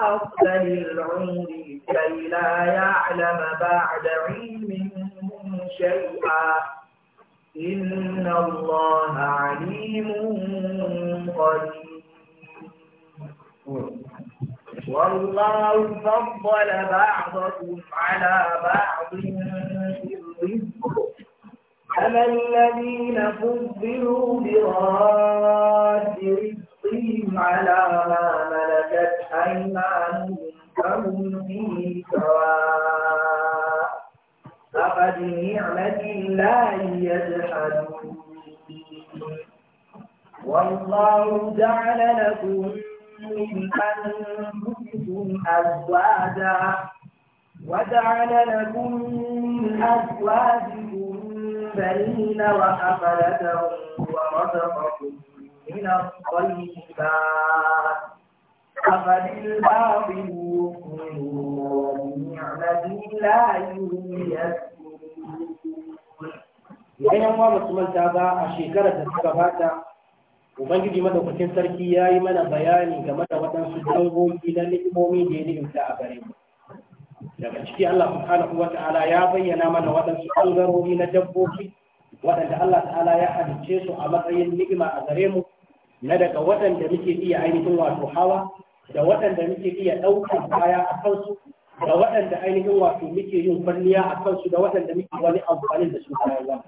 أفضل العمر كي لا يعلم بعد علم شيئا إن الله عليم قدير والله فضل بعضكم على بعض في الرزق أما الذين فضلوا براد رزقهم على ما ملكت أيمانهم فهم فيه سواء نعمة الله يجحدون والله جعل لكم من أنفسكم أزواجا وجعل لكم من أزواجكم الْمُرْسَلِينَ وحفلتهم وَرَزَقَكُم من الطيبات أَفَبِالْبَاطِلِ يؤمنون وَبِنِعْمَةِ اللَّهِ يَكْفُرُونَ Idan yan su manta ba a shekarar da suka Ubangiji Madaukakin Sarki ya yi mana bayani game da waɗansu dangogi na ni'imomi da ya ta a gare mu. daga ciki Allah subhanahu wa ta'ala ya bayyana mana waɗansu ɓangarori na dabbobi waɗanda Allah ta'ala ya halicce su a matsayin ni'ima a gare mu na daga waɗanda muke iya ainihin wato hawa da waɗanda muke iya ɗaukar kaya a kansu da waɗanda ainihin wato muke yin kwalliya a kansu da waɗanda muke wani amfanin da su bayan wanda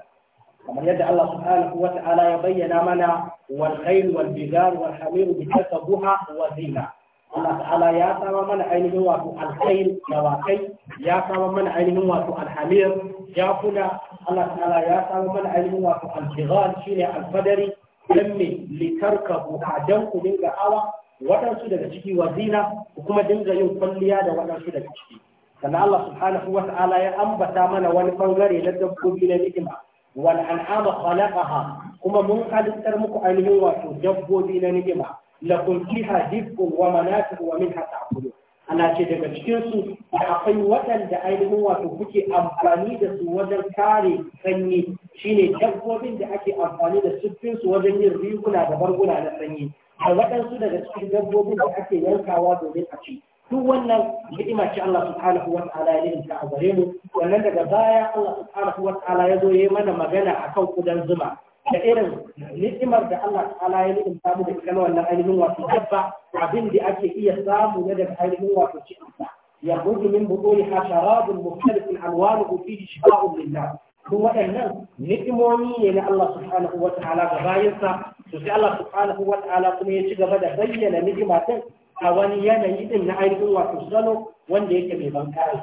kamar yadda Allah subhanahu wa ta'ala ya bayyana mana wal khayl wal bigar wal hamir bi takabuha wa zina Allah ta'ala ya samar mana ainihin wato alkhair dawakai ya samar mana ainihin wato alhamir ya kula Allah ta'ala ya samar mana ainihin wato aljigal shine alfadari dan me litarkabu adan ku dinga awa waɗansu daga ciki wazina ku kuma dinga yin kwalliya da waɗansu daga ciki sannan Allah subhanahu wa ta'ala ya ambata mana wani bangare na dabbobi na ni'ima wal an'ama khalaqaha kuma mun halittar muku ainihin wato dabbobi na ni'ima lakum fiha dibqun wa manafi'u wa minha ta'kulun ana ce daga cikinsu da akwai waɗanda ainihin wato kuke amfani da su wajen kare sanyi shine dabbobin da ake amfani da siffinsu wajen yin riguna da barguna na sanyi da waɗansu daga cikin dabbobin da ake yankawa domin a ci duk wannan ni'ima ce Allah subhanahu wa ta'ala ya ninka a gare mu wannan daga baya Allah subhanahu wa ta'ala ya zo ya yi mana magana akan kudan zuma da irin ni'imar da Allah ta'ala ya ni'in samu da ita wannan ainihin wato dabba abin da ake iya samu na daga ainihin wato cikinsa yabudu min buduri hasharabun mukhtalifun alwanuhu fihi shifa'un lillah kun waɗannan ni'imomi ne na Allah subhanahu wa ta'ala ga bayansa to sai Allah subhanahu wa ta'ala kuma ya ci gaba da bayyana ni'ima din a wani yanayi din na ainihin wato salo wanda yake mai bankare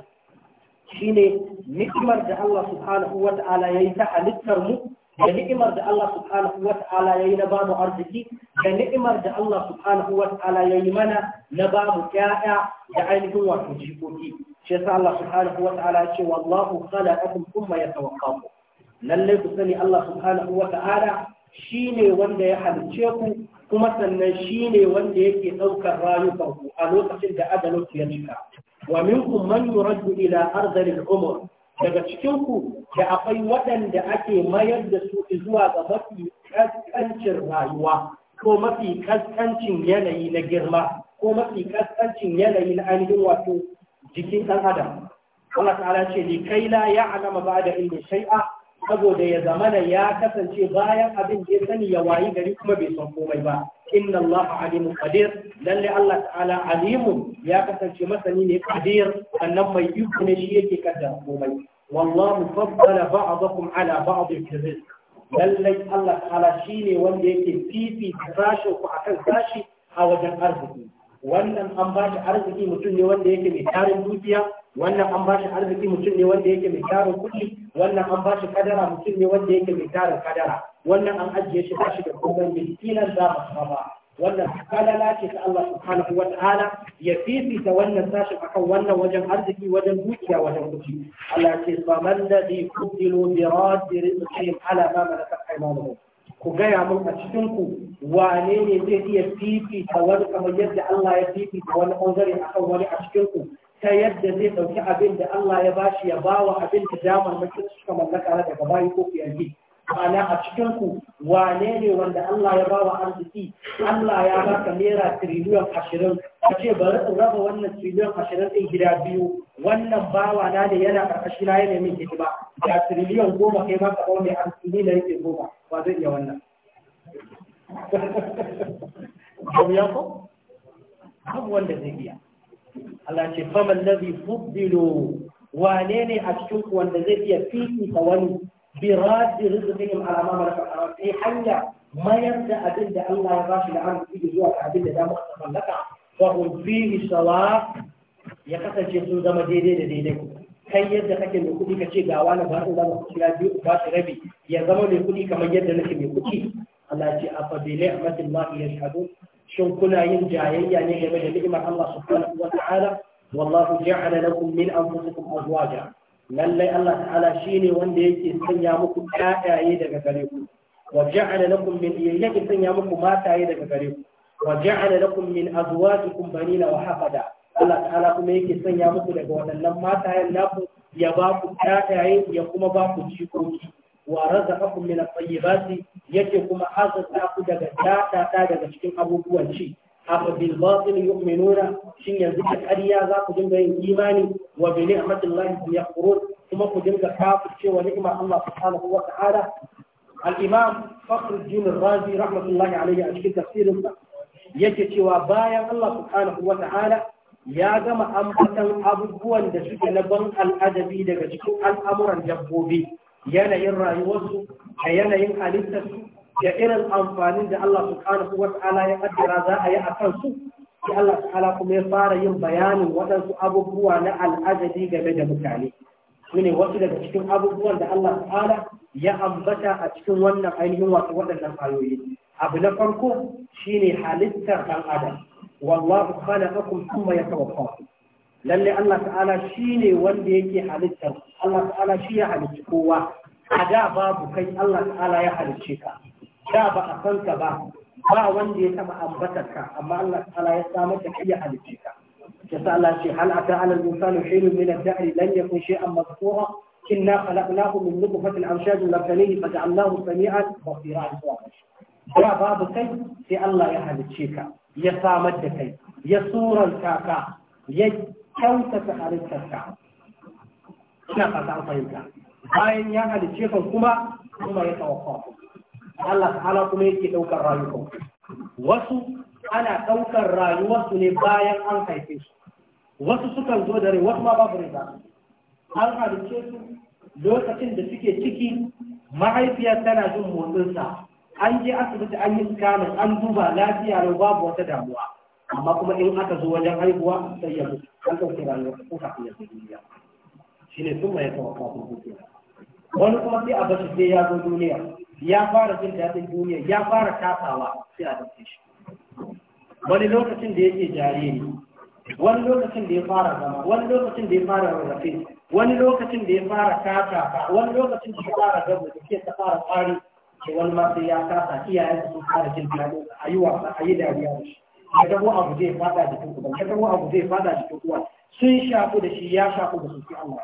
shine ni'imar da Allah subhanahu wa ta'ala ya yi ta halittar mu da ni'imar da Allah subhanahu wa ta'ala yayi na babu arziki da ni'imar da Allah subhanahu wa ta'ala yayi mana na babu ƴaƴa da ainihin wato jikoki shi yasa Allah subhanahu wa ta'ala ya ce wallahu khalaqakum thumma yatawaffakum lalle ku sani Allah subhanahu wa ta'ala shine wanda ya halice ku kuma sannan shine wanda yake daukar rayukan ku a lokacin da ajalin ya cika wa minkum man yuraddu ila ardhil umr daga cikinku da akwai waɗanda ake mayar da su zuwa ga mafi ƙasƙancin rayuwa ko mafi ƙasƙancin yanayi na girma ko mafi ƙasƙancin yanayi na ainihin wato jikin ɗan adam Allah ta'ala ce ni kai la ya alama ba da ilmi shai'a saboda ya zamana ya kasance bayan abin da ya sani ya wayi gari kuma bai san komai ba inna alimu alimun qadir lalle allah ta'ala alimun ya kasance masani ne qadir sannan mai iko ne shi yake kaddara komai wallahu faddala ba'dakum ala ba'd fi rizq lalle allah ta'ala shine wanda yake fifi sashin ku akan sashi a wajen arziki wannan an ba shi arziki mutum ne wanda yake mai tarin dukiya wannan an ba shi arziki mutum ne wanda yake mai tarin kuɗi wannan an ba shi kadara mutum ne wanda yake mai tarin kadara wannan an ajiye shi ba shi da komai miskinan za mu ba wannan kalala ce ta Allah subhanahu wa ta'ala ya fifita wannan sashin akan wannan wajen arziki wajen dukiya wajen kuɗi Allah ce ba man ladhi kudilu bi radi rizqihim ala ma malakat aymanuhum ku gaya mun a cikin ku wane ne zai iya fifita wani kamar yadda Allah ya fifita wani bangare akan wani a cikin ku ta yadda zai ɗauki abin da Allah ya bashi ya bawa abin da damar mace suka mallaka na daga bayi ko fiyanki ma'ana a cikin ku wane ne wanda Allah ya bawa arziki Allah ya baka naira tiriliyan ashirin ka ce bari in raba wannan tiriliyan ashirin ɗin gida biyu wannan bawa na da yana ƙarƙashi na yana min hidima da tiriliyan goma kai ma ka mai arziki na yake goma ba zai iya wannan abu ya ko abu wanda zai iya Allah ce faman ladhi fuddilu wane ne a cikin wanda zai iya fifita wani bi radi rizqihim ala ma sai hanya mayar da abin da Allah ya bashi da arziki zuwa ga abin da za mu mallaka wa hum fihi sawa ya kasance sun zama daidai da daidai kai yadda kake mai kuɗi ka ce ga wani ba su zama kira biyu ba su rabi ya zama mai kuɗi kamar yadda nake mai kuɗi Allah ce a fadilai a matin ma'i ya shaɗu shin kuna yin jayayya ne game da ni'imar Allah subhanahu wa ta'ala wallahu ja'ala lakum min anfusikum azwaja lallai Allah ta'ala shine wanda yake sanya muku ƴaƴaye daga gare ku wa ja'ala lakum min yake sanya muku mataye daga gare ku wa ja'ala lakum min azwajikum banina wa hafada Allah ta'ala kuma yake sanya muku daga waɗannan mata naku ya ba ku tataye ya kuma ba ku jikoki wa razaqakum min at-tayyibati yake kuma azata ku daga data daga cikin abubuwan ci afa bil batil yu'minuna shin yanzu ka ƙarya za ku dinga yin imani wa bi ni'matillahi yakfurun kuma ku dinga cewa ni'mar Allah subhanahu wa ta'ala al-imam Fakhruddin Razi rahmatullahi alaihi a cikin tafsirinsa yake cewa bayan Allah subhanahu wa ya gama ambatan abubuwan da suke na ban al'adabi daga cikin al'amuran dabbobi yanayin rayuwarsu da yanayin halittarsu da irin amfanin da Allah subhanahu wa ta'ala ya kaddara za a yi a kansu Ya Allah ta'ala kuma ya fara yin bayanin waɗansu abubuwa na al'adabi game da mutane Su ne wasu daga cikin abubuwan da Allah ta'ala ya ambata a cikin wannan ainihin wasu waɗannan ayoyi abu na farko shine halittar ɗan adam wallahu khalaqakum thumma yatawaffakum lalle Allah ta'ala shine wanda yake halittar Allah ta'ala shi ya halicci kowa a da babu kai Allah ta'ala ya halicce ka da ba a san ka ba ba wanda ya taba ambatar ka amma Allah ta'ala ya sa maka kai ya halicce ka yasa Allah ce hal ata ala al-insani hilun min ad-dahr lan yakun shay'an madhkura inna khalaqnahu min nutfatin amshajin nabtalihi faj'alnahu sami'an basira da babu kai sai Allah ya halicce ka ya samar da kai ya suranta ka ya kyautata ka ina fata an fahimta bayan ya halice kan kuma kuma ya tawaffa Allah ta'ala kuma yake daukar rayuwa wasu ana daukar rayuwarsu ne bayan an haife su wasu sukan zo da rai wasu ma babu rai an halice su lokacin da suke ciki mahaifiyar tana jin motsinsa an je asibiti an yi scanning an duba lafiya ne babu wata damuwa amma kuma in aka zo wajen haihuwa sai ya mutu an ɗauke ko kafin ya duniya shi ne sun mai tawa kafin duniya wani kuma sai a bashi sai ya zo duniya ya fara jin daɗin duniya ya fara tasawa sai a ɗauke shi wani lokacin da yake jariri wani lokacin da ya fara zama wani lokacin da ya fara rarrafe wani lokacin da ya fara tasawa wani lokacin da ya fara gaba da ke ta fara tsari wani ma sai ya kasa iyayen sun fara jin daɗin a yi wasa a yi dariya da shi ya gabo abu zai fada jikin uban ya gabo abu zai fada jikin uwa sun shafu da shi ya shafu da su Allah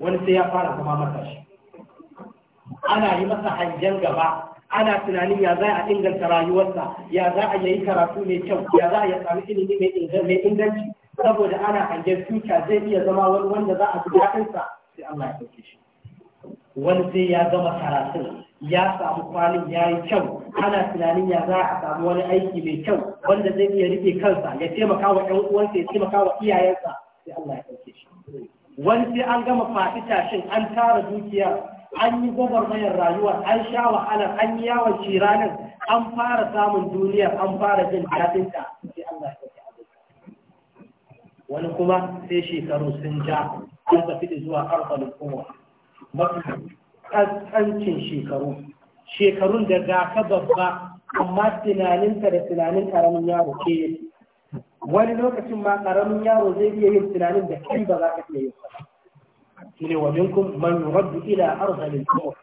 wani sai ya fara zama masa shi ana yi masa hangen gaba ana tunanin ya za a inganta rayuwarsa ya za a yi karatu mai kyau ya za a ya sami ilimi mai inganci saboda ana hangen future zai iya zama wani wanda za a fi daɗinsa sai Allah ya ɗauke shi wani sai ya gama karatun ya samu kwalin ya yi kyau ana tunanin ya za a samu wani aiki mai kyau wanda zai iya rike kansa ya taimaka wa ƴan uwansa ya taimaka wa iyayensa sai Allah ya ɗauke shi wani sai an gama faɗi tashin an tara dukiya an yi gwagwarmayar rayuwa an sha wahalar an yi yawon ciranin an fara samun duniyar an fara jin daɗinta sai Allah ya ɗauke wani kuma sai shekaru sun ja an tafi zuwa arzikin kowa mafi ƙasƙancin shekaru shekarun da ga ka babba amma tunaninka da tunanin ƙaramin yaro ke yi wani lokacin ma ƙaramin yaro zai iya yin tunanin da kai ba za ka iya yi Su ne wa minkum man yuraddu ila arzalil umur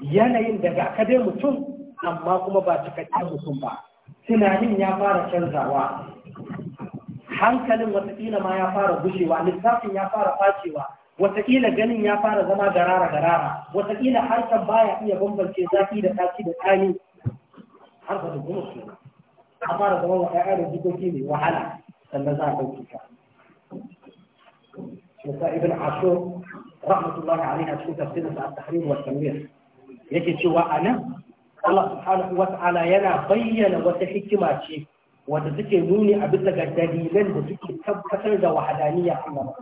yanayin da ga ka dai mutum amma kuma ba cikakken mutum ba tunanin ya fara canzawa hankalin watakila ma ya fara gushewa lissafin ya fara facewa wataƙila ganin ya fara zama garara-garara wataƙila harkar baya iya bambance zafi da ɗaki da tsani harkar da kuma su a fara zama wa ƴaƴa da jikoki mai wahala sannan za a ɗauki ka yasa ibn ashur rahmatullahi alaihi a cikin tafsirinsa a tahrim wa tanwir yake cewa a nan Allah subhanahu wa ta'ala yana bayyana wata hikima ce wanda suke nuni a bisa ga dalilan da suke tabbatar da wahadaniya Allah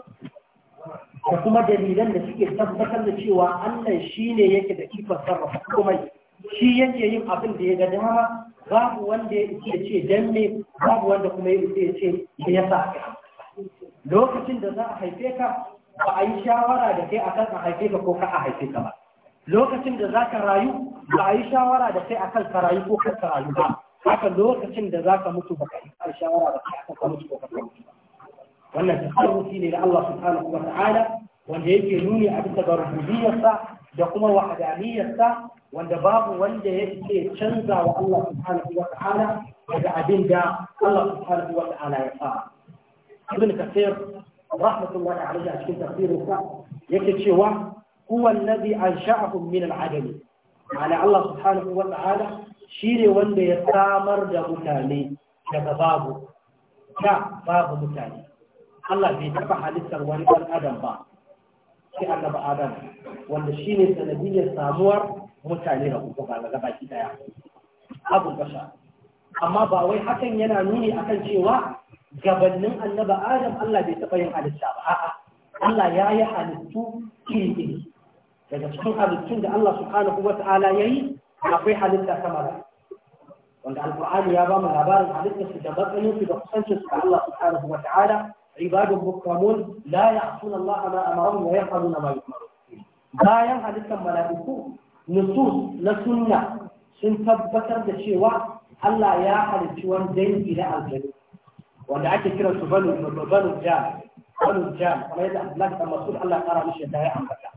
da kuma dalilan da suke tabbatar da cewa Allah shi ne yake da ikon sarrafa komai shi yake yin abin da ya ga dama babu wanda ya ce ce dan me babu wanda kuma ya ce ce me yasa lokacin da za a haife ka ba a yi shawara da kai akan a haife ka ko ka a haife ka ba lokacin da za ka rayu ba a yi shawara da kai akan ka rayu ko ka rayu ba haka lokacin da za ka mutu ba ka yi shawara da kai akan ka mutu ko ka mutu ba wannan tasarrufi ne na Allah subhanahu wa ta'ala wanda yake nuni a bisa ga rububiyarsa da kuma wahdaniyarsa wanda babu wanda yake canza wa Allah subhanahu wa ta'ala daga abin da Allah subhanahu wa ta'ala ya fara ibn kathir rahmatullahi alayhi a cikin tafsirinsa yake cewa huwa alladhi ansha'akum min al-adam ma'ana Allah subhanahu wa ta'ala shine wanda ya samar da mutane daga babu ta babu mutane Allah bai taɓa halittar wani ɗan adam ba sai annabi adam wanda shi shine sanadiyyar samuwar mutane da uku ba daga baki ɗaya abun kasha amma ba wai hakan yana nuni akan cewa gabannin annaba adam Allah bai taɓa yin halitta ba a'a Allah ya yi halittu iri daga cikin halittun da Allah subhanahu wa ta'ala ya yi akwai halitta kamar wanda alqur'ani ya ba mu labarin halittarsu da matsayin su da kusancinsu da Allah subhanahu wa ta'ala عباد مكرمون لا يعصون الله ما امرهم ويفعلون ما يؤمرون bayan halittar mala'iku nusus na sunna sun tabbatar da cewa Allah ya halicci wani dangi na aljanu wanda ake kiran su banu banu jam banu jam kamar yadda Abdullahi bin Mas'ud Allah ya kara mishi da ya ambata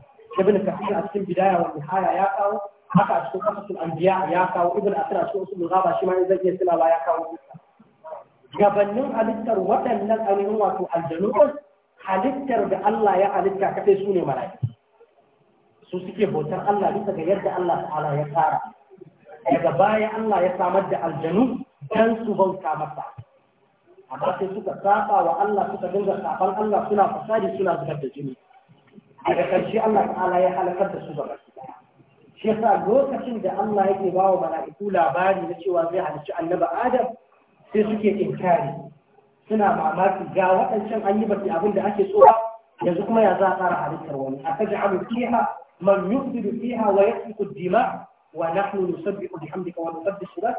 ibn Kathir a cikin bidaya wa nihaya ya kawo haka a cikin qasasul anbiya ya kawo ibn Asir a cikin shi ma zai iya sila ya kawo gabanin halittar waɗannan ainihin wato aljanu halittar da Allah ya halitta kaɗai su ne mala'iku su suke bautar Allah bisa ga yadda Allah ta'ala ya tsara daga baya Allah ya samar da aljanu dan su bauta masa amma sai suka saba wa Allah suka dinga saban Allah suna fasadi suna zubar da jini daga ƙarshe Allah ta'ala ya halakar da su gaba shi yasa lokacin da Allah yake ba wa mala'iku labari na cewa zai halicci annaba Adam sai suke inkari suna mamaki ga waɗancan an yi basi abin da ake so yanzu kuma ya za a halittar wani a kaji abu fiha man yufsidu fiha wa yasfiku dima wa nahnu nusabbihu bihamdika wa nuqaddisu lak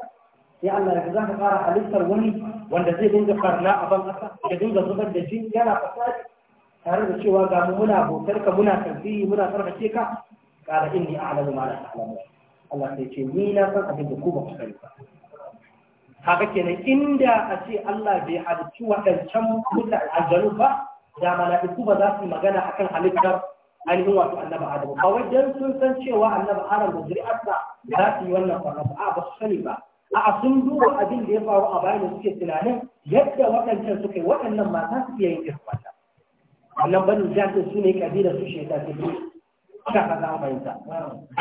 ya Allah yanzu za ka fara halittar wani wanda zai dinga farna a ban ƙasa ya dinga zubar da jini yana fasadi tare da cewa ga mu muna bautar ka muna tarbiyi muna tsarkake ka qala inni a'lamu ma la ta'lamun Allah sai ce ni na san abin da ku ba ku sani ba haka kenan inda a ce Allah bai halicci waɗancan mutane aljanu ba da mala'iku ba za su yi magana akan halittar ainihin wato annabi Adam ba wajen sun san cewa annabi Adam da zuri'arsa za su yi wannan ba a ba su sani ba a sun duba abin da ya faru a bayan suke tunanin yadda waɗancan suka yi waɗannan mata su iya yin irin wannan wannan banin su ne kabilar su shekar su suka faɗa fahimta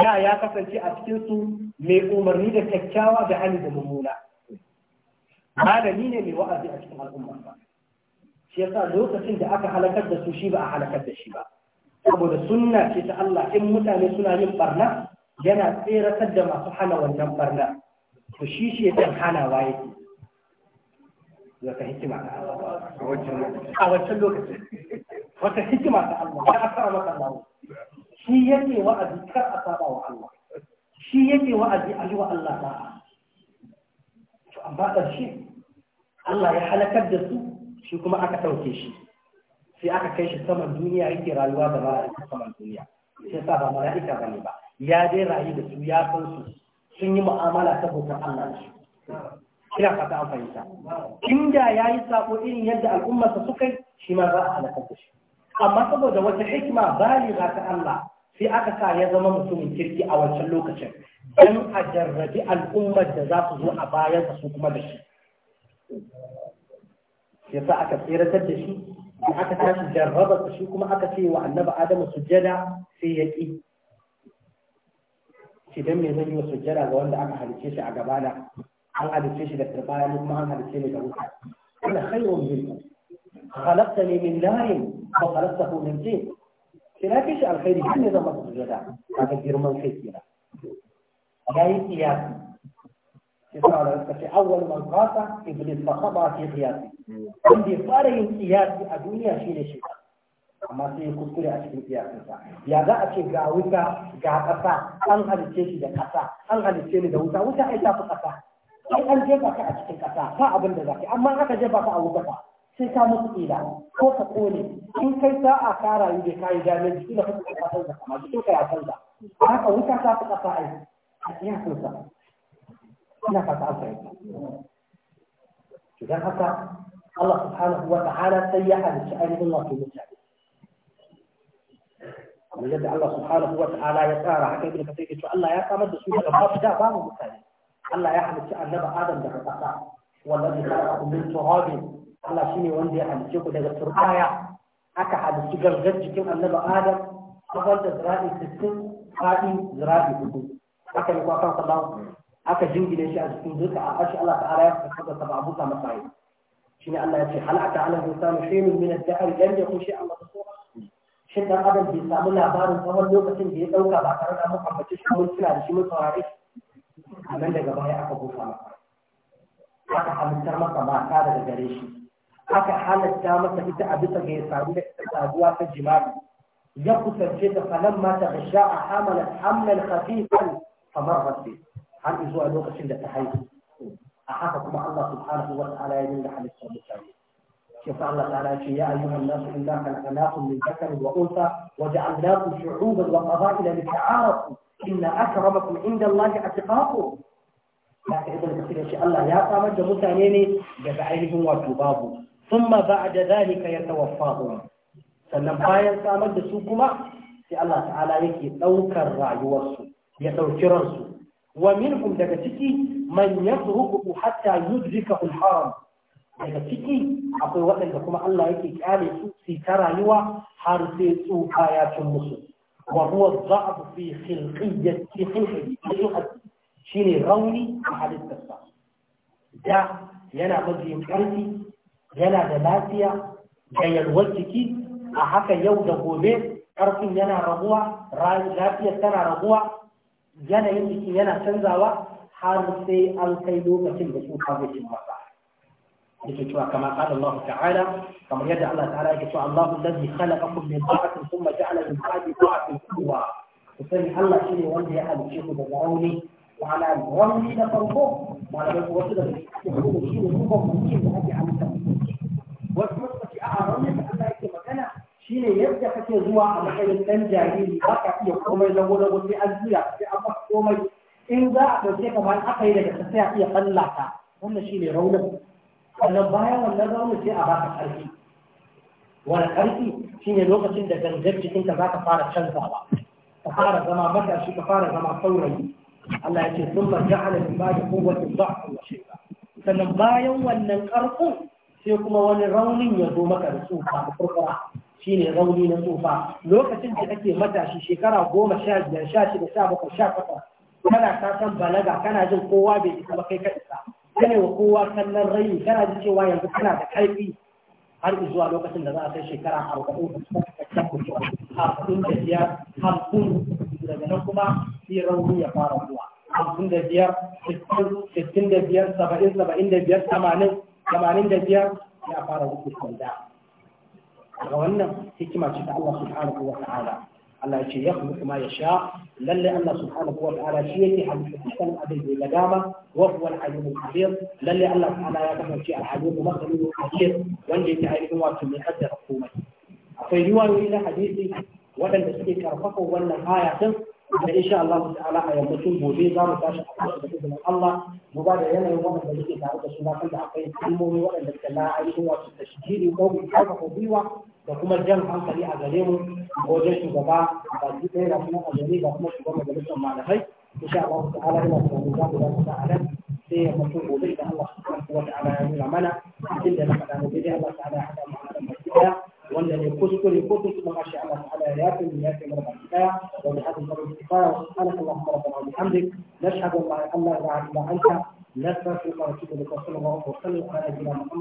da ya kasance a cikin su mai umarni da kyakkyawa da hali da mummuna malami ne mai wa'azi a cikin al'umma ba shi yasa lokacin da aka halakar da su shi ba a halakar da shi ba saboda sunna ce ta Allah in mutane suna yin barna yana tseratar da masu hana wannan barna to shi shi dan hanawa yake zaka hikima a wancan lokacin wata hikima ta Allah ta akara maka Allah shi yake wa'azi kar a saba wa Allah shi yake wa'azi a yi wa Allah ta'a amma ƙarshe Allah ya halakar da su shi kuma aka ɗauke shi sai aka kai shi saman duniya yake rayuwa da mala'ika saman duniya sai sa ba mala'ika bane ba ya dai rayu da su ya san su sun yi mu'amala ta bautar Allah shi ina fata an fahimta inda yayi sako irin yadda al'ummarsa suka yi shi ma za a halakar da shi amma saboda wata hikima baliga ta Allah sai aka sa ya zama mutumin kirki a wancan lokacin don a jarrabi al'ummar da za su zo a bayan su kuma da shi ya sa aka tseratar da shi aka tashi jarraba shi kuma aka ce wa annabi adamu sujjada sai ya ƙi ce don me zan yi wa sujjada ga wanda aka halice shi a gabana an halice shi da turbaya ne kuma an halice ni da wuta ana khairun minkum khalaqtani min narin wa khalaqtahu min tin sai na kai shi alkhairi shi ne zan masa sujjada kaga girman kai kenan لا يقياس أول من قاس إبليس فخضع في قياسه عندي فارين قياسي الدنيا شيء شيطان amma sai ya kuskure a cikin iyakansa ya za a ce ga wuta ga ƙasa an halice da ƙasa an halice ni da wuta wuta ai tafi ƙasa ai an jefa ka a cikin ƙasa ba abin da zaki amma aka jefa ka a wuta ba sai ka musu ƙila ko ka ƙone in kai sa'a ka rayu da kayi damar jiki da kuma ka canza kamar jikin ka ya canza haka wuta ta fi ƙasa ai يعطي صح نفس عصر إذا حتى الله سبحانه وتعالى سيح بالسؤال الله في مسجد من يدعي الله سبحانه وتعالى يسارع كيف يكتب شو الله يا قامت بسم الله الرحمن الرحيم قاموا بالسؤال الله يحمد سؤال نبى ادم ده قطع والذي خلقه من تراب الله شنو وندي عن شوكو ده تركايا أكا حد السجل غير جكيم أن نبى ادم أفضل زرائي ستين خائي زرائي بدون aka yi kwa kansa ba aka jingine shi a cikin duka a ƙarshe Allah ta'ala ya fasa ta ba abuka masa yi shi ne Allah ya ce hal ata ala insanu shay'un min ad-dahr lam Allah shay'an madhkura shin dan adam bai samu labarin tsawon lokacin da ya dauka ba tare da mun ambace shi mun tuna da shi mun saurare a nan daga baya aka buka masa aka halittar masa mata daga gare shi aka halatta masa ita a bisa ga ya samu da ita saduwa ta jima'i ya kusance ta falan mata da sha'a hamlan khafifan a bi har zuwa lokacin da ta haihu a haka kuma Allah subhanahu wa ta'ala ya dinga halittar mutane shi fa Allah ta'ala ce ya ayyuhan nasu inna khalaqnakum min dhakarin wa unsa wa ja'alnakum shu'uban wa qaba'ila lita'arafu inna akramakum inda Allah atqakum haka ibn kasir shi Allah ya samar da mutane ne daga ainihin wato babu thumma ba'da zalika yatawaffahum sannan bayan samar da su kuma sai Allah ta'ala yake ɗaukar rayuwarsu ya ɗauki ransu wa minhum daga ciki man yadruku hatta yudrika al-haram daga ciki akwai waɗanda kuma Allah yake kyale su su ta rayuwa har sai tsufa ya cin musu wa huwa dha'f fi khilqiyyati khilqi shine rauni a halittarsa da yana majiyin ƙarfi yana da lafiya da yalwar jiki a haka yau da gobe ƙarfin yana raguwa lafiyar tana raguwa yanayin jiki yana canzawa har sai an kai lokacin da tsufa zai cin masa yake cewa kamar qala Allah ta'ala kamar yadda Allah ta'ala yake cewa Allahu allazi khalaqakum min da'atin thumma ja'ala min ba'di da'atin quwwa kusan Allah shine wanda ya halice ku daga rauni ma'ana rauni da farko malamai wasu daga cikin shi ne mutum da ake halitta wasu wasu a rauni Shi ne yadda kake zuwa a matsayin ɗan jariri ba ka iya komai lago-lago sai an juya sai an maka komai in za a ɗauke ka bayan aka yi daga ta sai a iya fallata wannan shi ne raunin Wannan bayan wannan raunin sai a baka ƙarfi wani ƙarfi shine lokacin da gangar jikinka za ka fara canzawa ka fara zama matashi ka fara zama saurayi Allah ya ce sun marja'ala min ba da kowace ba'a wa shekara sannan bayan wannan ƙarfin sai kuma wani raunin ya zo maka da su ba da shine rauni na tsufa lokacin da ake matashi shekara goma sha biyar sha shida sha bakwai sha takwas kana ka san balaga kana jin kowa bai isa ba kai ka isa kana wa kowa kallon raini kana jin cewa yanzu kana da karfi har zuwa lokacin da za a kai shekara arba'in hamsin da biyar hamsin daga nan kuma sai rauni ya fara zuwa hamsin da biyar sittin da biyar saba'in saba'in da biyar tamanin tamanin da biyar ya fara zuwa sanda daga wannan hikima ce ta Allah subhanahu wa ta'ala Allah ya ce ya khluqu ma sha. lalle Allah subhanahu wa ta'ala shi yake halitta dukkan abin da ya dama wa huwa al-alim al-khabir lalle Allah ta'ala ya kasance al-alim al-khabir al wanda yake ainihin wato mai haddara komai akwai riwayoyi na hadisi waɗanda suke karfafa wannan aya din da insha Allah ta'ala a yammacin gobe za mu tashi a kan da izinin Allah mu ba da yanayin waɗanda muke tare da su na kan da yi kalmomi waɗanda suka na ainihin wasu tashkiri ko mu karfafa gwiwa da kuma jan hankali a gare mu wajen shugaba ba ji ɗaya da kuma a gare ga kuma shugaban majalisar malamai insha Allah ta'ala ina tunanin za mu dace a nan sai ya mutu gobe da Allah subhanahu wa ta'ala ya nuna mana cikin da na faɗa mu dai Allah ta'ala ya haɗa mu a nan baki ɗaya wanda ne kuskure ko kuma shi Allah ta'ala ya yafe mu yafe mu da ɗaya سبحانك اللهم ربنا وبحمدك نشهد ان لا اله الا انت نستغفرك ونتوب اليك وصلى الله وسلم على نبينا محمد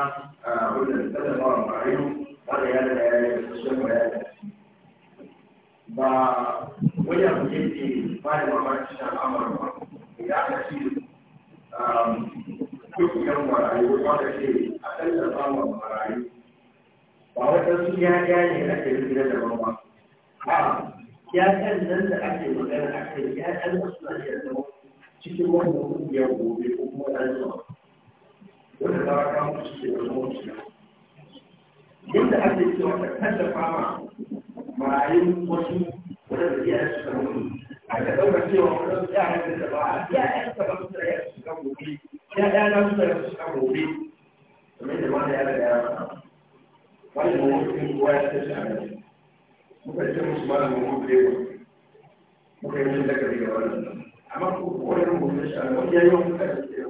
wannan tallafawa marayu wanda ya da ya sassan bayani ba wani abu ke ya marayu wanda ke a tallafawa marayu ba ya daban a ya'yan nan da ake magana a ya'yan zama cikin wannan kungiyar gobe ko wanda ba ka mutu ce da mutu yadda ake cewa ta tallafa ma marayun wasu wadanda iyayen su ka mutu aka ɗauka cewa wadansu yaran da ba a iyayen ka ba su da yaran su ka gobe ya ɗaya su da yaran su ka gobe kamar da wanda ya da yaran wani mawukin kowa ya tashi a nan muka ce musu ma da mawukin muka yi musu daga daga wannan amma ko kowa ya rubuta shi a nan wani ya yi wa mutane cewa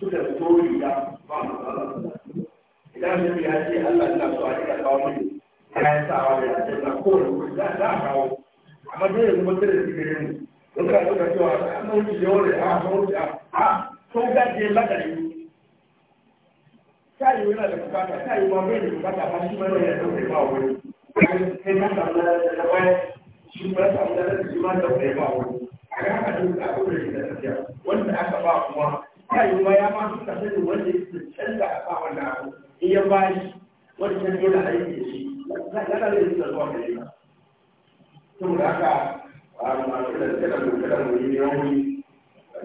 suka fito riga ba mu idan mutum ya ce Allah ina so a rika kawo mini kayan sawa da yadda na kowane wuri za a kawo amma dai yanzu ba tare da gare mu don ka ka cewa an ah, mawuce yawon a mawuce a ah, a ah, sun gaje lakari kayi yana da bukata kayi ma bai da bukata ba shi ma yana da kai ba wani kai na samu da bayan shi ma samu da shi ma da ba wani a ga haka duk da wanda aka ba kuma ta yi ya ma suka sani wanda ya canza a wannan abu in ya bashi shi wanda ya dole a yi da shi yana da yin zuwa da ita tun da haka a masu da suka da kada mu yi ne wani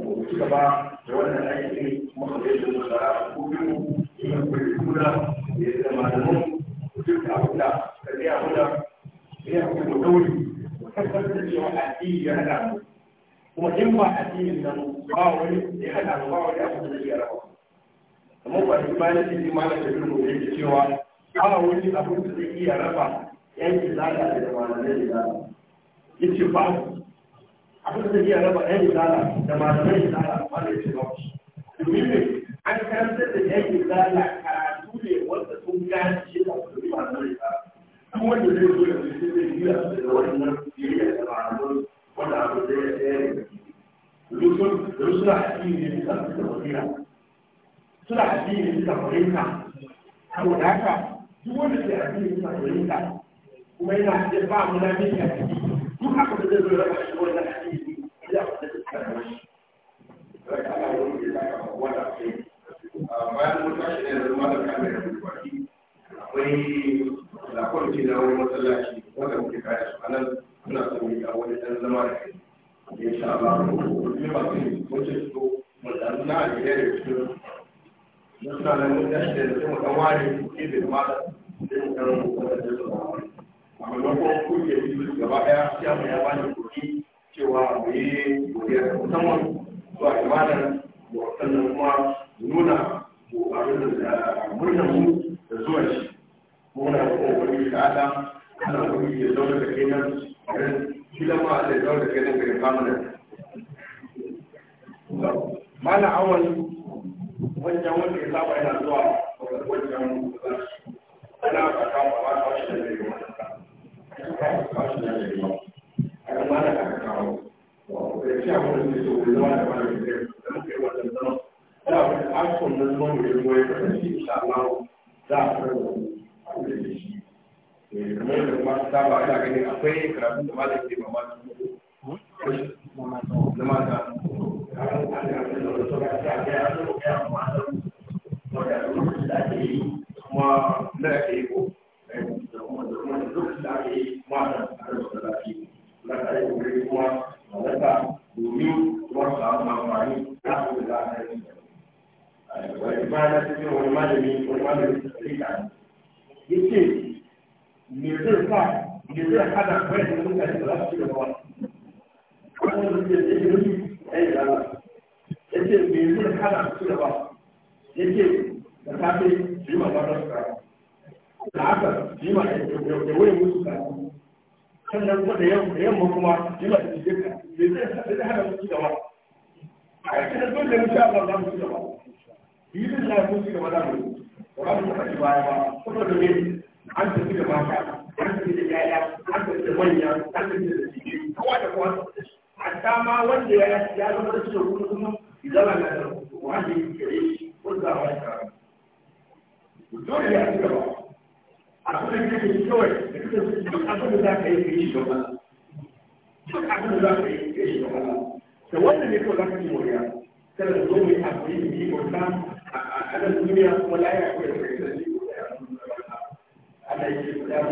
mu ci gaba da wannan aikin muka bai da muka mu ina ku da ya zama da mu abu da ka da tabbatar da cewa addini ya hada mu kuma in ba addinin da ba wani ya hada da ba wani abu da zai raba kuma ba shi ne shi ne malam da bin ya da cewa ba wani abu da zai iya raba yan izala da malamai da ya ce ba abu da zai iya raba yan izala da malamai izala ba da shi ba shi ne an karantar da yan izala karatu ne wanda sun gane shi da malamai izala kuma wanda zai zo da zai zai yi da ya biyayya da malamai wanda abu da ya tsaye da duk sun suna addini ne bisa suka wasila suna addini ne bisa fahimta saboda haka duk wanda ke addini bisa fahimta kuma yana da ba mu na miki a ciki duk haka da zai zo ya raba shi wannan addini ya fita da tsara shi bayan mun tashi ne yanzu ma da kamar da akwai lakon na wani masallaci wanda muke kaya su a Ana so mu ga wani dan zama da kai in sha ba ko ne ba kai wace so mu dan na da yare shi na suna nan mun da shi da mu dan ware ke da mata sai mu kan mu da su amma don ko ku ke yi gaba ɗaya sai mu ya bani kuɗi cewa mu yi godiya da musamman zuwa imanar mu sannan kuma mu nuna mu abin da murnar mu da zuwa shi muna da kuma kokarin da Allah ana kokarin da zaune da kenan gidan ma da zaune da kai na kai mana awon wajen wanda ya saba yana zuwa wajen ana ba kama ba kawo shi da zai yi wani kawo shi da zai yi wani ba ana gani akwai karatun da malam ke mamaki